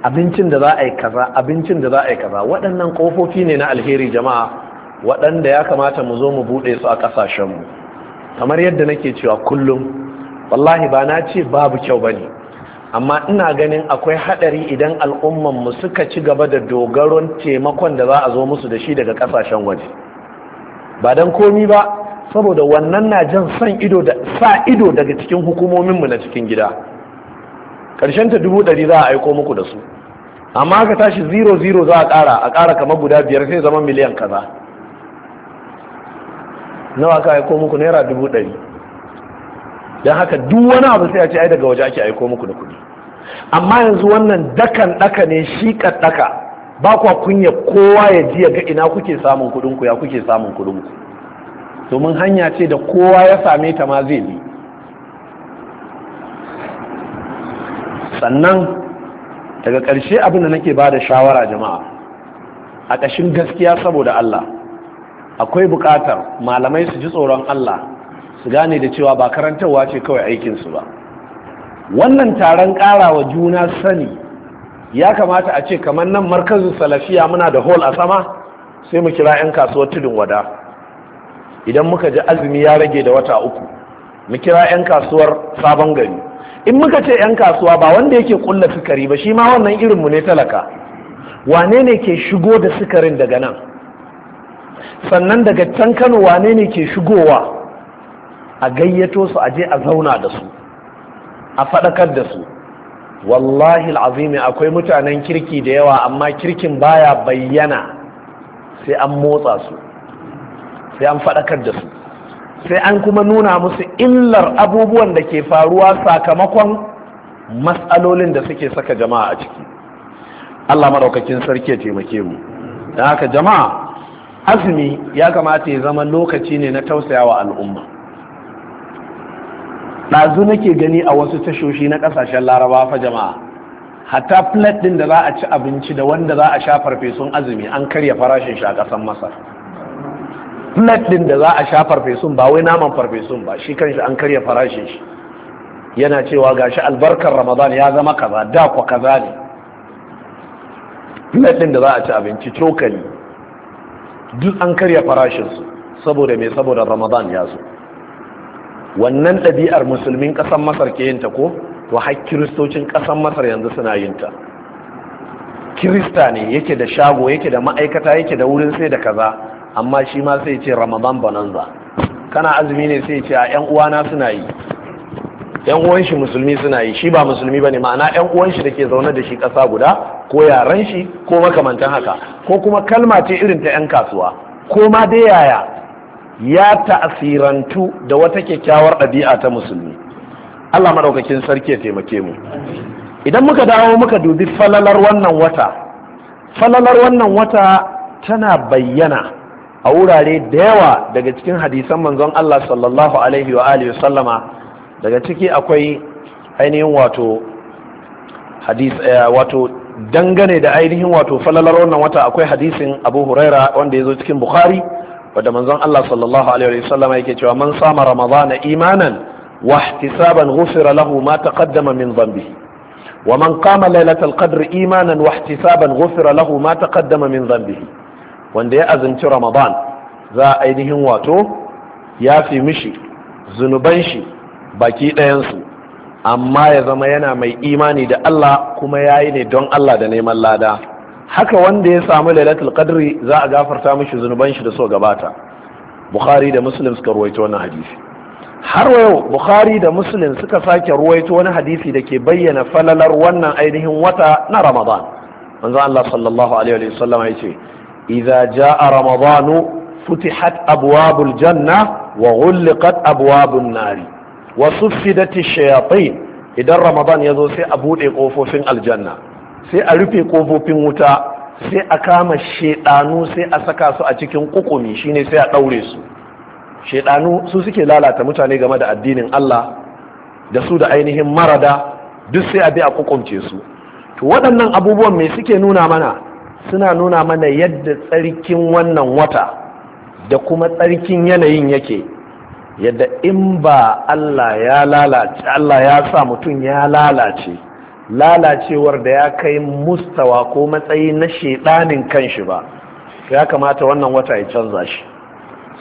abincin da za a yi kaza abincin da za a yi kaza waɗannan ƙofofi ne na alheri jama'a waɗanda ya kamata mu zo mu buɗe su a ƙasashenmu kamar yadda nake cewa kullum wallahi ba na ce babu kyau ba ne amma ina ganin akwai haɗari idan mu suka ci gaba da dogaron taimakon da za a zo musu da shi daga kasashen waje ba don komi ba saboda wannan na jan san ido da sa ido daga cikin hukumominmu na cikin gida ƙarshen ta dubu ɗari za a aiko muku da su amma ka tashi zero zero za a ƙara a ƙara kamar guda biyar sai zama miliyan kaza nawa ka aiko muku naira dubu ɗari don haka duk wani abu sai a ce ai daga waje ake aiko muku da kuɗi amma yanzu wannan dakan daka ne shi daka ba kwa kunya kowa ya ji ga ina kuke samun kuɗin ku ya kuke samun kuɗin ku domin hanya ce da kowa ya same ta ma zai bi sannan daga ƙarshe abin da nake ba da shawara jama'a a ƙashin gaskiya saboda Allah akwai bukatar malamai su ji tsoron Allah su gane da cewa ba karantarwa ce kawai aikinsu ba wannan taron karawa juna sani ya kamata a ce kamar nan markazin salafiya muna da hall a sama sai mu kira 'yan kasuwar tudun wada idan muka ji azumi ya rage da wata uku mu kira 'yan kasuwar sabon gari in muka ce 'yan kasuwa ba wanda yake kulla sukari ba shi ma wannan mu ne talaka wane ne ke shigo da sukarin daga nan sannan daga can kano wane ne ke shigowa a gayyato su aje a zauna da su a faɗakar da su wallahi al'azimi akwai mutanen kirki da yawa amma kirkin baya bayyana sai an motsa su sai an faɗakar da su sai an kuma nuna musu illar abubuwan da ke faruwa sakamakon matsalolin da suke saka jama'a a ciki Allah maɗaukakin sarki ya taimake mu da haka jama'a azumi ya kamata ya zama lokaci ne na tausayawa al'umma ɗazu nake gani a wasu tashoshi na ƙasashen laraba fa jama'a hatta plate ɗin da za a ci abinci da wanda za a sha farfesun azumi an karya farashin shi a ƙasar masar plate ɗin da za a sha farfesun ba wai naman farfesun ba shi kanshi an karya farashin shi yana cewa gashi albarkar ramadan ya zama kaza da kwa kaza ne plate ɗin da za a ci abinci cokali duk an karya farashinsu saboda mai saboda ramadan ya zo wannan ɗabi'ar musulmin ƙasar masar ke yinta ko to har kiristocin ƙasar masar yanzu suna yinta kirista ne yake da shago yake da ma'aikata yake da wurin sai da kaza amma shi ma sai ce ramadan bananza kana azumi ne sai ce a 'yan uwana suna yi yan uwan shi musulmi suna yi shi ba musulmi bane ma'ana yan uwan shi dake zaune da shi kasa guda ko yaran shi ko makamantan haka ko kuma kalma ce irin ta yan kasuwa ko ma dai yaya ya ta'asirantu da wata kyakkyawar ɗabi'a ta musulmi Allah madaukakin sarki ya taimake mu idan muka dawo muka dubi falalar wannan wata falalar wannan wata tana bayyana a wurare da yawa daga cikin hadisan manzon Allah sallallahu alaihi wa alihi sallama daga ciki akwai ainihin wato hadis eh, wato dangane da ainihin wato falalar wannan wata akwai hadisin abu huraira wanda ya zo cikin bukhari wadda manzon allah sallallahu alaihi wasallam yake cewa man sama ramadana imanan wa ihtisaban ghufira lahu ma taqaddama min dhanbihi wa man qama lailatul qadri imanan wa ihtisaban ghufira lahu ma taqaddama min dhanbihi wanda ya azumci ramadan za ainihin wato ya fi mishi zunuban shi baki ɗayansu amma ya zama yana mai imani da Allah kuma ya yi ne don Allah da neman lada haka wanda ya samu lailatul qadri za a gafarta mishi zunuban shi da so gabata bukhari da muslim suka ruwaito wannan hadisi har yau bukhari da muslim suka sake ruwaito wani hadisi da ke bayyana falalar wannan ainihin wata na ramadan manzo Allah sallallahu alaihi wa sallam yace idza jaa ramadanu futihat abwabul janna wa ghulqat abwabun nari wasu fidati shayafai idan ramadan ya zo sai a buɗe kofofin aljanna sai a rufe kofofin wuta sai a kama shaidanu sai a saka su a cikin ƙuƙumi shine sai a ɗaure su shaidanu su suke lalata mutane game da addinin Allah da su da ainihin marada duk sai a bi a ƙuƙumce su to waɗannan abubuwan me suke nuna mana suna nuna mana yadda tsarkin wannan wata da kuma tsarkin yanayin yake yadda in ba Allah ya lalace Allah ya sa mutum ya lalace lalacewar da ya kai mustawa ko matsayi na shedanin kanshi ba ya kamata wannan wata ya canza shi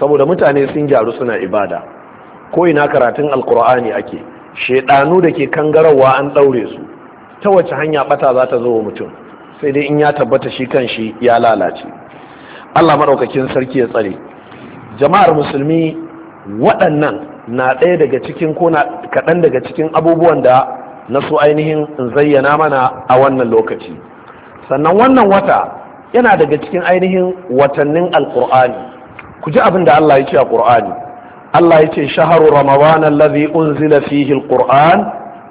saboda mutane sun gyaru suna ibada ko ina karatun alkur'ani ake shedanu da ke kangarawa an ɗaure su ta wace hanya ɓata za ta zo wa mutum sai dai in ya tabbata shi kan shi ya lalace Allah maɗaukakin sarki ya tsare jama'ar musulmi waɗannan na ɗaya daga cikin ko na kaɗan daga cikin abubuwan da na su ainihin zayyana mana a wannan lokaci sannan wannan wata yana daga cikin ainihin watannin Alƙur'ani. ku ji abin da Allah ya ce a Qur'ani Allah ya ce shaharu ramadan allazi unzila fihi alquran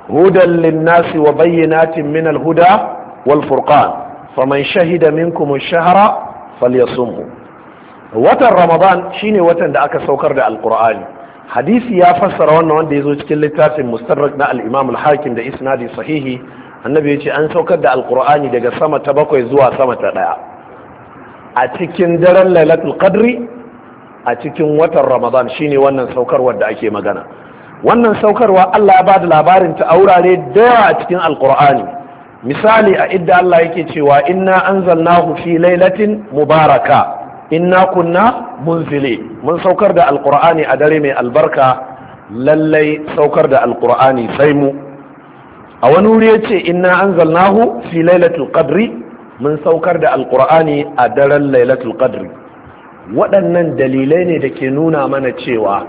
hudan linnasi wa bayyinatin min alhuda wal furqan faman shahida minkum ash-shahra falyasumhu watan ramadan shine watan da aka saukar da alkur'ani hadisi ya fassara wannan wanda ya zo cikin littafin mustarrak na al-imam al-hakim da isnadi sahihi annabi ya ce an saukar da alkur'ani daga sama ta bakwai zuwa sama ta ɗaya a cikin daren lailatul qadri a cikin watan ramadan shine wannan saukarwar da ake magana wannan saukarwa Allah ya bada labarin ta aurare da a cikin alkur'ani misali a idda Allah yake cewa inna anzalnahu fi lailatin mubaraka inna kunna munzili mun saukar da Alƙur'ani a dare mai albarka lallai saukar da Alƙur'ani sai mu a wani wuri yace inna anzalnahu fi lailatul qadri mun saukar da alkur'ani a daren lailatul qadri waɗannan dalilai ne da ke nuna mana cewa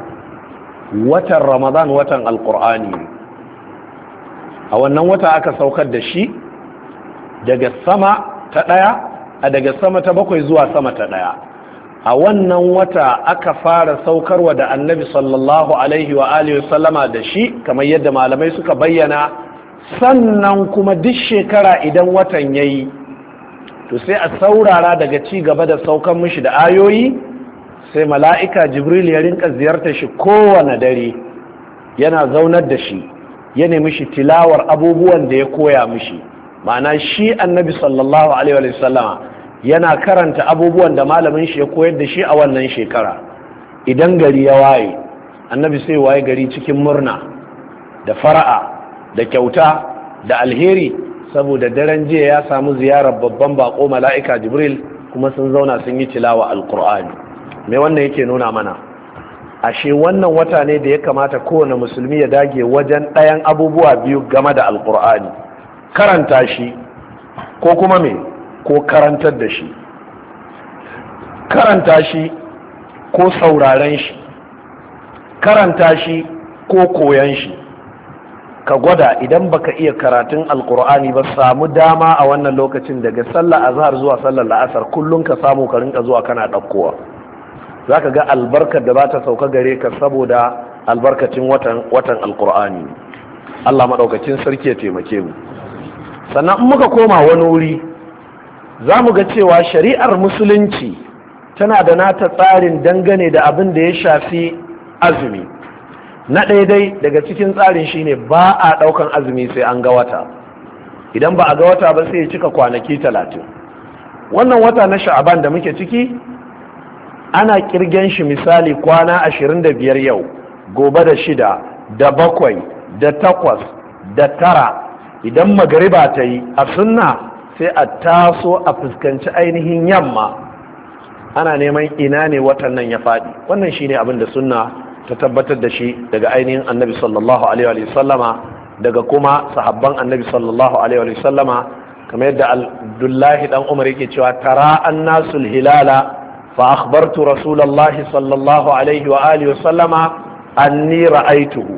watan ramadan watan alkur'ani a wannan wata aka saukar da shi daga sama ta ɗaya a daga sama ta bakwai zuwa sama ta ɗaya a wannan wata aka fara saukarwa da annabi sallallahu alaihi wa alihi sallama da shi kamar yadda malamai suka bayyana sannan kuma duk shekara idan watan ya yi to sai a saurara daga ci gaba da saukan mishi da ayoyi sai mala'ika jibril ya rinka ziyartar shi kowane dare yana zaunar da shi ya nemi shi tilawar abubuwan da ya koya mishi ma'ana shi annabi sallallahu alaihi wa sallama yana karanta abubuwan da malamin shi ya koyar da shi a wannan shekara idan gari ya waye annabi sai waye gari cikin murna da fara'a da kyauta da alheri saboda daren jiya ya samu ziyarar babban bako mala'ika jibril kuma sun zauna sun yi tilawa alkur'ani me wannan yake nuna mana ashe wannan wata ne da ya kamata kowane musulmi ya dage wajen ɗayan abubuwa biyu game da alkur'ani karanta shi ko kuma me ko karantar da shi karanta shi ko sauraren shi karanta shi ko koyan shi ka gwada idan baka iya karatun alkur'ani ba samu dama a wannan lokacin daga sallah azhar zuwa sallar la'asar kullum ka samu ka rinka zuwa kana ɗaukowa za ka ga albarkar da ba ta sauka gare ka saboda albarkacin watan alkur'ani allah maɗaukacin sarki ya taimake mu sannan in muka koma wani wuri za mu ga cewa shari'ar musulunci tana da nata tsarin dangane da abin da ya shafi azumi na daidai daga cikin tsarin shine ba a ɗaukan azumi sai an ga wata idan ba a ga wata ba sai ya cika kwanaki talatin wannan wata na sha'aban da muke ciki ana kirgen shi misali kwana ashirin da biyar yau gobe da shida da bakwai da takwas da tara idan magariba ta yi a sunna sai a taso a fuskanci ainihin yamma ana neman ina ne watan nan ya faɗi wannan shine abin da sunna ta tabbatar da shi daga ainihin annabi sallallahu alaihi wa sallama daga kuma sahabban annabi sallallahu alaihi wa sallama kamar yadda abdullahi dan umar yake cewa tara annasu hilala fa akhbartu rasulullahi sallallahu alaihi wa alihi wa sallama anni ra'aituhu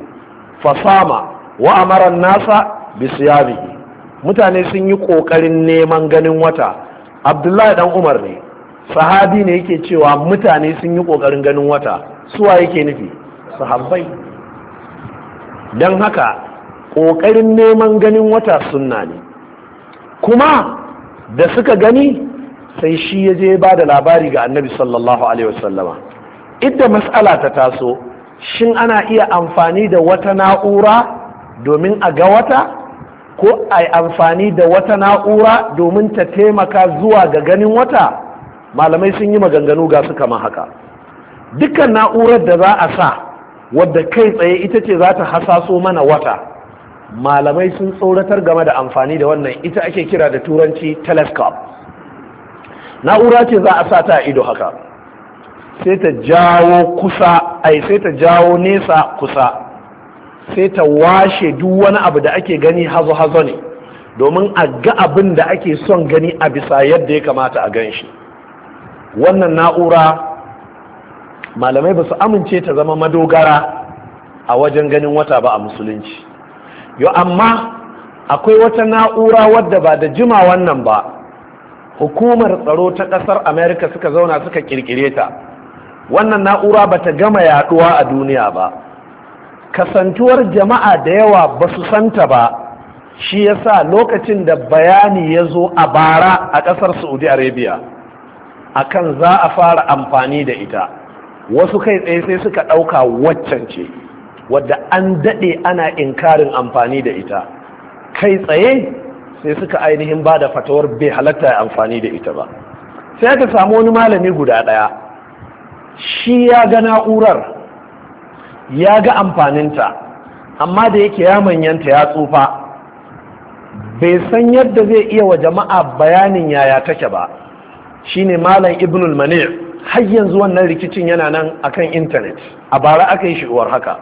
fa sama wa amara an-nasa bi mutane sun yi ƙoƙarin neman ganin wata abdullahi dan umar ne sahabi ne yake cewa mutane sun yi ƙoƙarin ganin wata suwa yake nufi sahabbai don haka ƙoƙarin neman ganin wata sunna ne kuma da suka gani sai shi ya je ba da labari ga annabi sallallahu alaihi wasallama idda mas'ala ta taso shin ana iya amfani da wata na'ura domin a ga wata ko a amfani da wata na'ura domin ta taimaka zuwa ga ganin wata malamai sun yi maganganu ga su kama haka dukkan na'urar da za a sa wadda kai tsaye ita ce za ta hasaso mana wata malamai sun tsoratar game da amfani da wannan ita ake kira da turanci telescope na'ura ce za a sa ta ido haka sai ta jawo kusa ai sai ta jawo nesa kusa sai ta washe duk wani abu da ake gani hazo-hazo ne domin a ga abin da ake son gani a bisa yadda ya kamata a gan shi wannan na'ura malamai ba su amince ta zama madogara a wajen ganin wata ba a musulunci Yau amma akwai wata na'ura wadda ba da jima wannan ba hukumar tsaro ta ƙasar amerika suka zauna suka kirkire ta wannan na'ura ba ta gama yaduwa a duniya ba kasantuwar jama'a da yawa ba su santa ba shi yasa lokacin da bayani ya zo a bara a ƙasar saudi arabia akan za a fara amfani da ita wasu kai tsaye sai suka ɗauka waccan ce wadda an daɗe ana inkarin amfani da ita kai tsaye sai suka ainihin ba da fatawar bai halatta amfani da ita ba sai aka samu wani malami guda ɗaya shi ya ga na'urar ya ga amfaninta amma da yake ya manyanta ya tsufa bai san yadda zai iya wa jama'a bayanin yaya take ba shine malam ibnul manir har yanzu wannan rikicin yana nan akan intanet a bara aka yi shigowar haka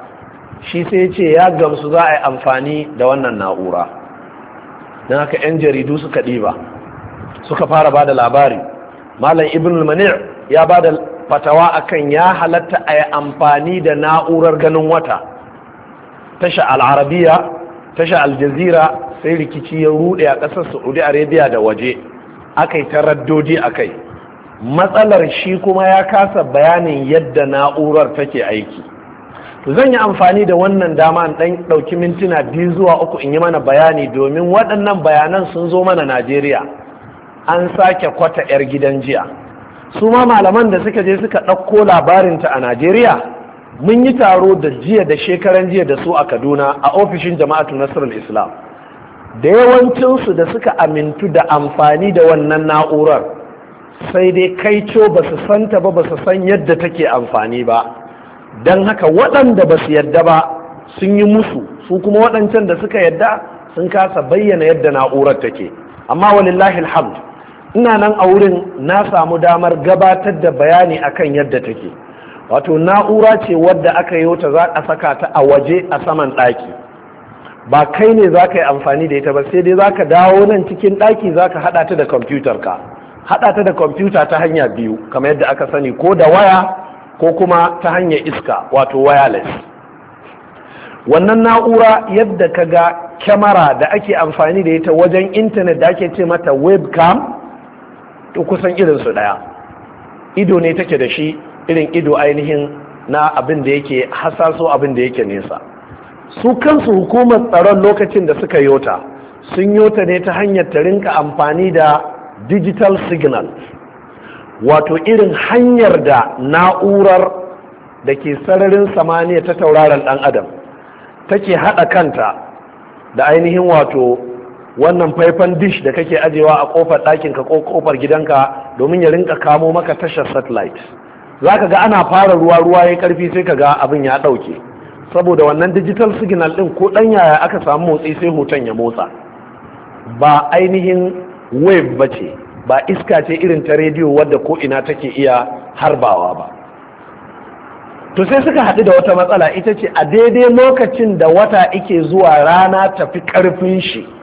shi sai ce ya gamsu za a yi amfani da wannan na'ura don haka 'yan jaridu suka ɗiba suka fara ba da labari malam ibnul manir ya ba da fatawa akan ya halatta a yi amfani da na'urar ganin wata tasha al'arabiya tasha aljazira sai rikici ya rude a ƙasar saudi arabia da waje aka yi taraddodi a kai matsalar shi kuma ya kasa bayanin yadda na'urar take aiki zan yi amfani da wannan dama in ɗan ɗauki mintuna biyu zuwa uku in yi mana bayani domin waɗannan bayanan sun zo mana najeriya an sake kwata 'yar gidan jiya su ma malaman da suka je suka ɗauko labarinta a najeriya mun yi taro da jiya da shekaran jiya da su a kaduna a ofishin jama'atu nasarar islam da yawancinsu da suka amintu da amfani da wannan na'urar sai dai kaico ba su santa ba ba su san yadda take amfani ba don haka waɗanda ba su yadda ba sun yi musu su kuma waɗancan da suka yadda sun kasa bayyana yadda na'urar take amma walillahi alhamdu ina nan a wurin na samu damar gabatar da bayani akan yadda take wato na'ura ce wadda aka yi wata za a saka ta a waje a saman ɗaki ba kai ne za ka yi amfani da ita ba sai dai za ka dawo nan cikin ɗaki za ka haɗa ta da kwamfutar ka haɗa ta da kwamfuta ta hanya biyu kamar yadda aka sani ko da waya ko kuma ta hanyar iska wato wireless wannan na'ura yadda ka ga kyamara da ake amfani da ita wajen intanet da ake ce mata webcam to kusan irinsu ɗaya ido ne take da shi irin ido ainihin na abin da yake hasaso abin da yake nesa su kansu hukumar tsaron lokacin da suka yota sun yota ne ta hanyar ta rinka amfani da digital signal wato irin hanyar da na'urar da ke sararin samaniya ta tauraron dan adam take haɗa kanta da ainihin wato wannan faifan dish da kake ajewa a kofar ɗakinka ko kofar gidanka domin ya rinka kamo maka tashar satellite za ka ga ana fara ruwa ruwa ya karfi sai ka ga abin ya ɗauke saboda wannan digital signal ɗin ko ɗan yaya aka samu motsi sai hoton ya motsa ba ainihin wave ba ce ba iska ce irin ta rediyo wadda ko ina take iya harbawa ba to sai suka haɗu da wata matsala ita ce a daidai lokacin da wata ike zuwa rana tafi ƙarfin shi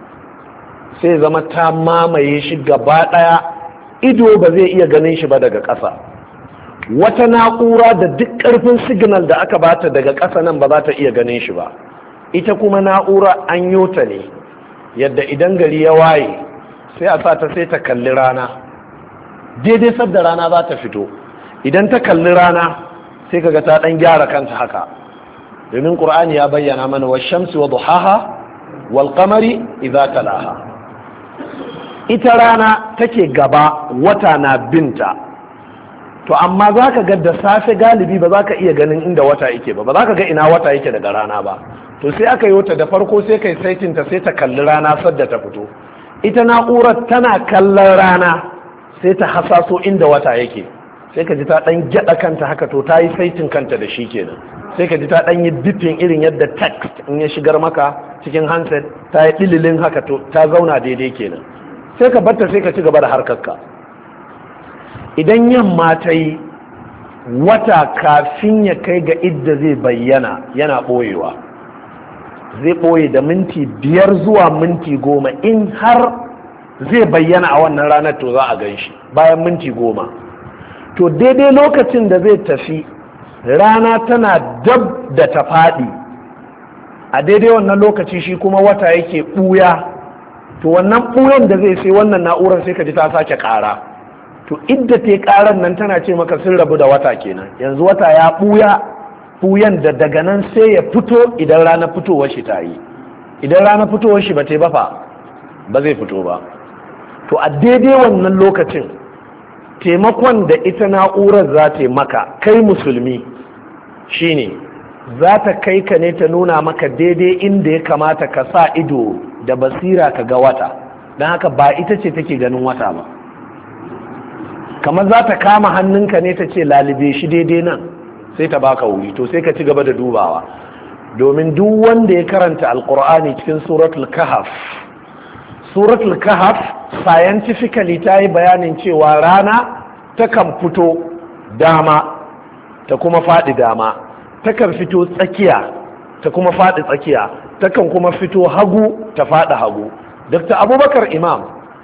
sai zama ta mamaye shi gaba ɗaya ido ba zai iya ganin shi ba daga ƙasa wata na'ura da duk ƙarfin signal da aka bata daga ƙasa nan ba za ta iya ganin shi ba ita kuma na'ura an yota ne yadda idan gari ya waye sai a sa ta sai ta kalli rana daidai da rana za ta fito idan ta kalli rana sai kaga ta ɗan gyara kanta haka domin ƙur'ani ya bayyana mana wa shamsi wa duhaha wal qamari idza talaha ita rana take gaba wata na binta to amma za ka ga da safe galibi ba za ka iya ganin inda wata yake ba ba za ka ga ina wata yake daga rana ba to sai aka yi wata da farko sai kai saitinta sai ta kalli rana sadda ta fito ita na'urar tana kallon rana sai ta hasaso inda wata yake sai ka ji ta ɗan gyaɗa kanta haka to ta yi saitin kanta da shi kenan sai ka ji ta ɗan yi dipin irin yadda text in ya shigar maka cikin handset ta yi ɗililin haka to ta zauna daidai kenan sai ka batta sai ka ci gaba da harkarka idan yamma ta yi wata kafin ya kai ga idda zai bayyana yana ɓoyewa zai ɓoye da minti biyar zuwa minti goma in har zai bayyana a wannan ranar to za a gan shi bayan minti goma to daidai lokacin da zai tafi rana tana dab da ta faɗi a daidai wannan lokaci shi kuma wata yake ɓuya to wannan ɓuren da zai sai wannan na'urar sai ka ji ta sake ƙara to idda ta ƙarar nan tana ce maka sun rabu da wata kenan yanzu wata ya ɓuya ɓuyan da daga nan sai ya fito idan ranar fitowar shi ta yi idan ranar fitowar shi ba ta ba fa ba zai fito ba to a daidai wannan lokacin taimakon da ita na'urar za ta maka kai musulmi shine za ta kai ka ne ta nuna maka daidai inda ya kamata ka sa ido da basira ka ga wata don haka ba ita ce take ganin wata ba kamar za ta kama hannunka ne ta ce lalibe shi daidai nan sai ta baka wuri to sai ka ci gaba da dubawa domin duk wanda ya karanta alkur'ani cikin suratul kahaf suratul kahaf scientifically ta yi bayanin cewa rana takan fito dama ta kuma faɗi dama takan fito tsakiya ta kuma faɗi tsakiya takan kuma fito hagu ta faɗi hagu dr abubakar imam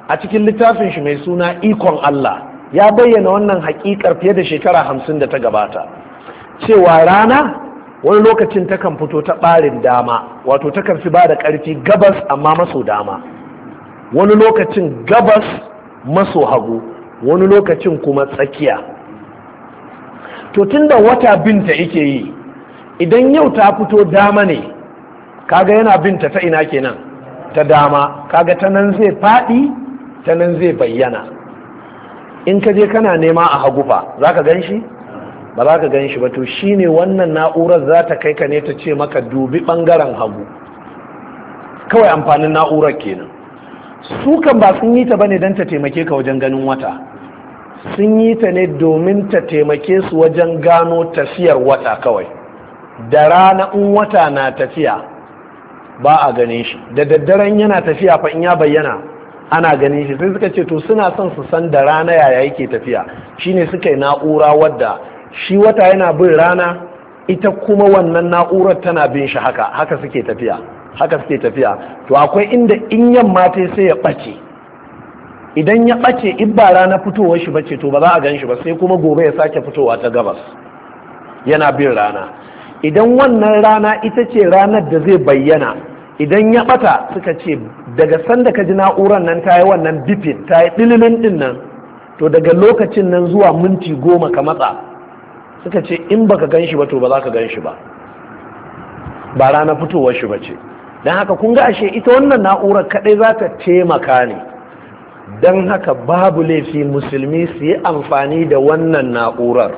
a cikin littafin shi mai suna ikon allah ya bayyana wannan hakikar fiye da shekara hamsin da ta gabata cewa rana wani lokacin takan fito ta ɓarin dama wato takan fi ba da ƙarfi gabas amma maso dama wani lokacin gabas maso hagu wani lokacin kuma tsakiya to da wata binta yake yi idan yau ta fito dama ne kaga yana binta ta ina kenan ta dama kaga ta nan zai faɗi ta nan zai bayyana in ka je kana nema a hagu fa za ka gan shi ba za ka gan shi ba to shi ne wannan na'urar za ta kai ka ne ta ce maka dubi ɓangaren hagu kawai amfanin na'urar kenan su kan ba sun yi ta bane don ta taimake ka wajen ganin wata sun yi ta ne domin ta taimake su wajen gano tafiyar wata kawai da rana in wata na tafiya ba a gane shi da daddaren yana tafiya fa in ya bayyana ana ganin shi sai suka ce to suna son su san da rana yaya yake tafiya shine suka yi na'ura wadda shi wata yana bin rana ita kuma wannan na'urar tana bin shi haka haka suke tafiya haka suke tafiya to akwai inda in yamma ta sai ya ɓace idan ya ɓace in ba rana fitowar shi bace to ba za a gan shi ba sai kuma gobe ya sake fitowa ta gabas yana bin rana idan wannan rana ita ce ranar da zai bayyana idan ya bata suka ce daga sanda ka ji na'urar nan ta yi wannan bipin ta yi ɗililin ɗin nan to daga lokacin nan zuwa minti goma ka matsa suka ce in baka gan shi ba to ba za ka gan shi ba ba rana fitowar shi ba ce don haka kun ga ashe ita wannan na'urar kaɗai za ta taimaka ne don haka babu laifi musulmi su yi amfani da wannan na'urar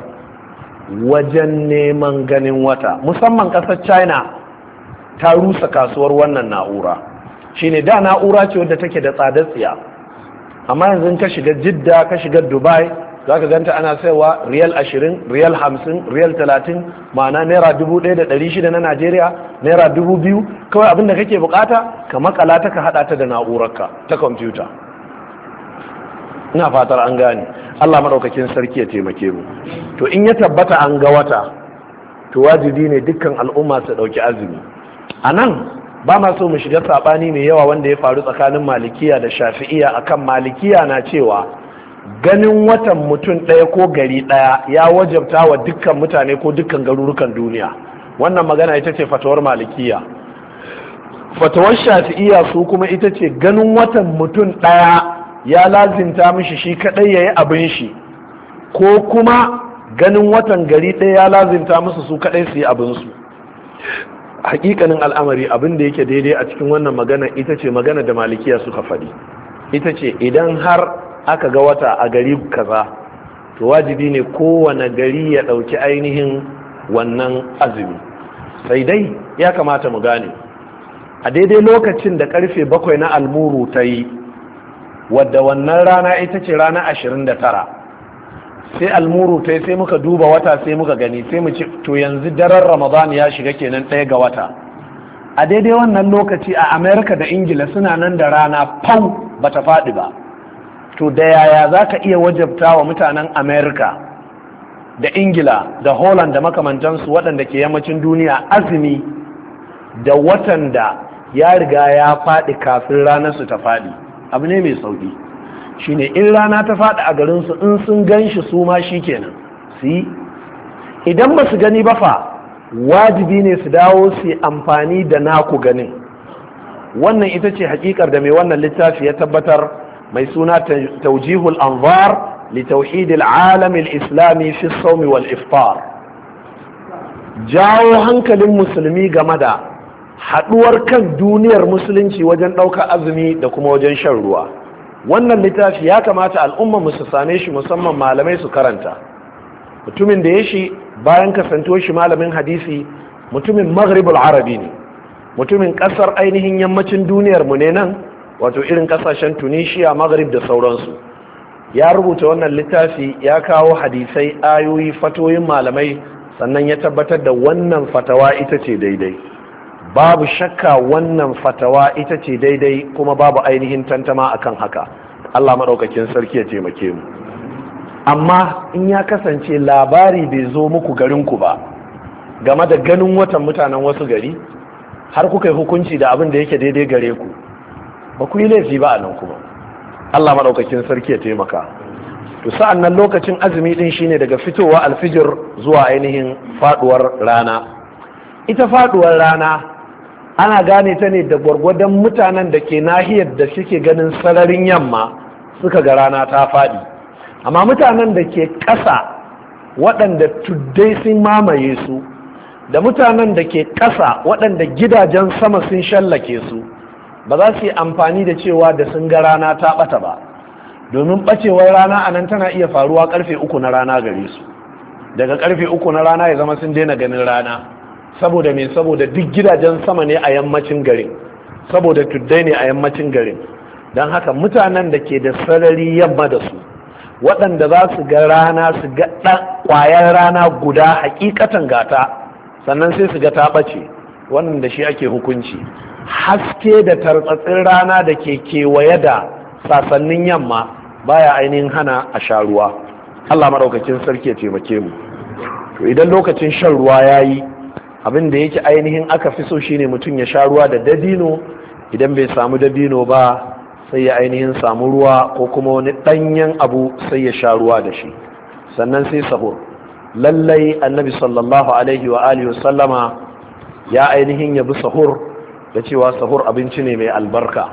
wajen neman ganin wata musamman ƙasar china ta rusa kasuwar wannan na'ura shine da na'ura ce wadda take da tsadatsiya tsiya amma yanzu ka shiga jidda ka shiga dubai za ka ganta ana saiwa riyal ashirin riyal hamsin riyal talatin ma'ana naira dubu ɗaya da ɗari shida na najeriya naira dubu biyu kawai abinda kake bukata ka makala ta ka haɗa ta da na'urarka ta kwamfuta ina fatar an gane Allah madaukakin sarki ya taimake mu to in ya tabbata an ga wata to wajibi ne dukkan al'umma su ɗauki azumi anan ba ma so mu shiga saɓani mai yawa wanda ya faru tsakanin malikiya da shafi'iya akan malikiya na cewa ganin watan mutum ɗaya ko gari ɗaya ya wajabta wa dukkan mutane ko dukkan garurukan duniya wannan magana ita ce fatawar malikiya fatawar shafi'iya su kuma ita ce ganin watan mutum ɗaya ya lazimta mishi shi kadai yayi abin shi ko kuma ganin watan gari ɗaya ya lazimta musu su kadai su yi abin su hakikanin al'amari abin da yake daidai a cikin wannan magana ita ce magana da malikiya suka faɗi ita ce idan har aka ga wata a gari kaza to wajibi ne kowane gari ya ɗauki ainihin wannan azumi sai dai ya kamata mu gane a daidai lokacin da karfe bakwai na almuru ta yi wadda wannan rana ita ce rana ashirin da tara sai almuru ta sai muka duba wata sai muka gani sai mu ce to yanzu daren ramadan ya shiga kenan ɗaya ga wata a daidai wannan lokaci a amerika da ingila suna nan da rana pau bata faɗi ba to da yaya za ka iya wajabta wa mutanen amerika da ingila da holland da makamantansu waɗanda ke yammacin duniya azumi da watan da ya riga ya faɗi kafin ranar su ta faɗi abu ne mai sauki ne in rana ta faɗi a garinsu in sun gan shi su ma shi kenan Si, idan ba su gani ba fa wajibi ne su dawo su amfani da naku ganin wannan ita ce hakikar da mai wannan littafi ya tabbatar mai suna taujihul anzar li tauhidil alamil islami fi saumi wal iftar jawo hankalin musulmi game da haɗuwar kan duniyar musulunci wajen ɗauka azumi da kuma wajen shan ruwa wannan littafi ya kamata al'umma su same shi musamman malamai su karanta mutumin da ya shi bayan kasantuwar shi malamin hadisi mutumin maghribul arabi ne mutumin ƙasar ainihin yammacin duniyar mu ne nan wato irin ƙasashen tunisia maghrib da sauransu ya rubuta wannan littafi ya kawo hadisai ayoyi fatoyin malamai sannan ya tabbatar da wannan fatawa ita ce daidai babu shakka wannan fatawa ita ce daidai kuma babu ainihin tantama akan haka Allah maɗaukakin sarki ya taimake mu amma in ya kasance labari bai zo muku garinku ba game da ganin watan mutanen wasu gari har kuka yi hukunci da abin da yake daidai gare ku ba ku yi laifi ba a nan kuma Allah maɗaukakin sarki ya taimaka to sa'an nan lokacin azumi din shine daga fitowa alfijir zuwa ainihin faduwar rana ita faduwar rana ana gane ta ne da gwargwadon mutanen da ke nahiyar da suke ganin sararin yamma suka ga rana ta faɗi amma mutanen da ke ƙasa waɗanda tuddai sun mamaye su da mutanen da ke ƙasa waɗanda gidajen sama sun shallake su ba za su yi amfani da cewa da sun ga rana ta ɓata ba domin ɓacewar rana a nan tana iya faruwa ƙarfe uku na rana gare su daga ƙarfe uku na rana ya zama sun daina ganin rana saboda me saboda duk gidajen sama ne a yammacin garin saboda tuddai ne a yammacin garin don haka mutanen da ke da sarari yamma da su waɗanda za su ga rana su ga ɗan ƙwayar rana guda hakikatan gata sannan sai su ga ta ɓace wannan da shi ake hukunci haske da tartsatsin rana da ke kewaye da sasannin yamma baya ainihin hana a sha ruwa allah maɗaukakin sarki ya taimake mu to idan lokacin shan ruwa ya yi abin da yake ainihin aka fi so shine mutum ya sha ruwa da dabino idan bai samu dabino ba sai ya ainihin samu ruwa ko kuma wani ɗanyen abu sai ya sha ruwa da shi sannan sai sahur lallai annabi sallallahu alaihi wa alihi sallama ya ainihin yabi sahur da cewa sahur abinci ne mai albarka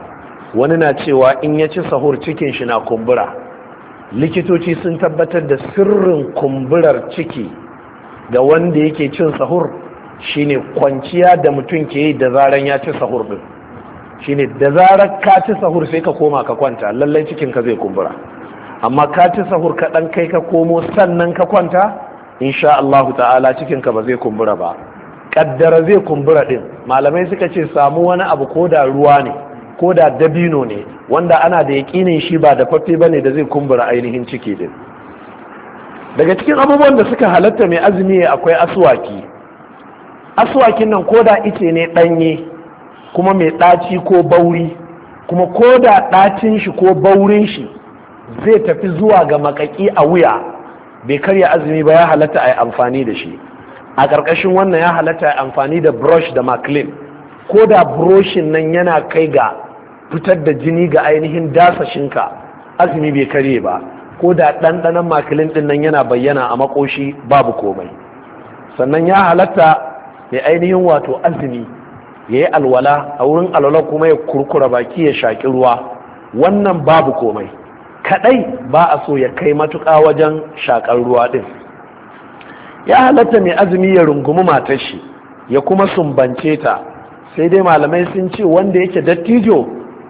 wani na cewa in ya ci sahur cikin shi na kumbura likitoci sun tabbatar da sirrin kumburar ciki ga wanda yake cin sahur shine kwanciya da mutum ke yi da zaran ya ci sahur din shine da zarar ka ci sahur sai ka koma ka kwanta lallai cikin ka zai kumbura amma ka ci sahur ka dan kai ka komo sannan ka kwanta insha Allah ta'ala cikin ka ba zai kumbura ba kaddara zai kumbura din malamai suka ce samu wani abu ko da ruwa ne ko da dabino ne wanda ana da yakinin shi ba da ba ne da zai kumbura ainihin ciki din daga cikin abubuwan da suka halatta mai azumi akwai aswaki aswakin nan ko da ice ne ɗanye kuma mai ɗaci ko bauri kuma ko da ɗacin shi ko baurin shi zai tafi zuwa ga makaki a wuya bai karya azumi ba ya halatta a yi amfani da shi a ƙarƙashin wannan ya halatta a yi amfani da brush da maclean ko da broshin nan yana kai ga fitar da jini ga ainihin dasashinka azumi bai karye ba ko da ɗanɗanon makilin ɗin nan yana bayyana a makoshi babu komai sannan ya halatta mai ainihin wato azumi ya yi alwala a wurin alwala kuma ya kurkura baki ya shaƙi ruwa wannan babu komai kaɗai ba a so ya kai matuƙa wajen shaƙar ruwa ɗin ya halatta mai azumi ya rungumi matar shi ya kuma sumbance ta sai dai malamai sun ce wanda yake dattijo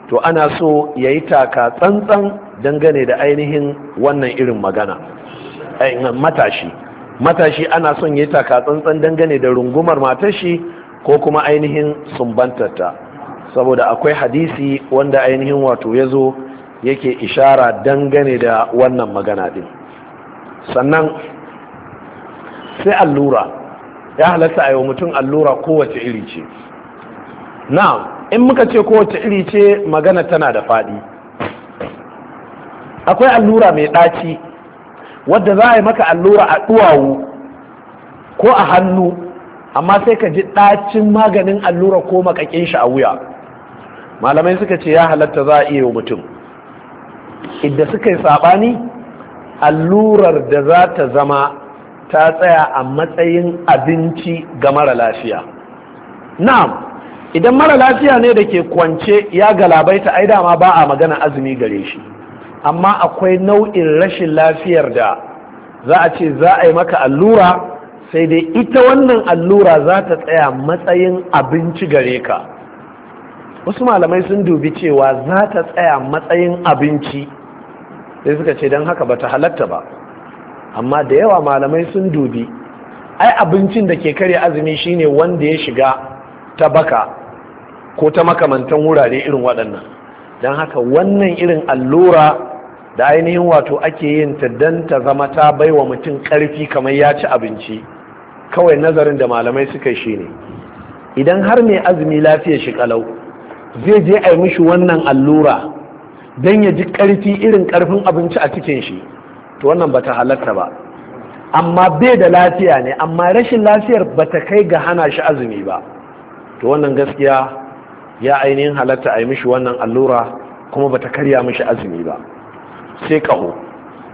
to ana so ya yi taka tsantsan dangane da ainihin wannan irin magana matashi matashi ana son ya taka tsantsan dangane da rungumar matar shi ko kuma ainihin sumbantarta saboda akwai hadisi wanda ainihin wato ya zo yake ishara dangane da wannan magana din sannan sai allura ya halatta a yi wa mutum allura kowace iri ce na in muka ce kowace iri ce magana tana da faɗi akwai allura mai ɗaci wadda za a yi maka allura a duwawu ko a hannu amma sai ka ji ɗacin maganin allura ko makakin shi a wuya malamai suka ce ya halatta za a iya mutum idda suka yi saɓani allurar da za ta zama ta tsaya a matsayin abinci ga mara lafiya na'am idan mara lafiya ne da ke kwance ya galabaita ai dama ba a magana azumi gare shi amma akwai nau'in rashin lafiyar da za a ce za a yi maka allura sai dai ita wannan allura za ta tsaya matsayin abinci gare ka wasu malamai sun dubi cewa za ta tsaya matsayin abinci sai suka ce don haka ba ta halatta ba amma da yawa malamai sun dubi ai abincin da ke karya azumi shine wanda ya shiga ta baka ko ta makamantan wurare irin waɗannan don haka wannan irin allura da ainihin wato ake yin ta don ta zama ta baiwa mutum karfi kamar ya ci abinci kawai nazarin da malamai suka shi ne idan har mai azumi lafiya shi kalau zai je a yi mishi wannan allura don ya ji karfi irin karfin abinci a cikin shi to wannan ba ta halatta ba amma bai da lafiya ne amma rashin lafiyar ba ta kai ga hana shi azumi ba to wannan gaskiya ya ainihin halatta a yi mishi wannan allura kuma ba ta karya mishi azumi ba sai kaho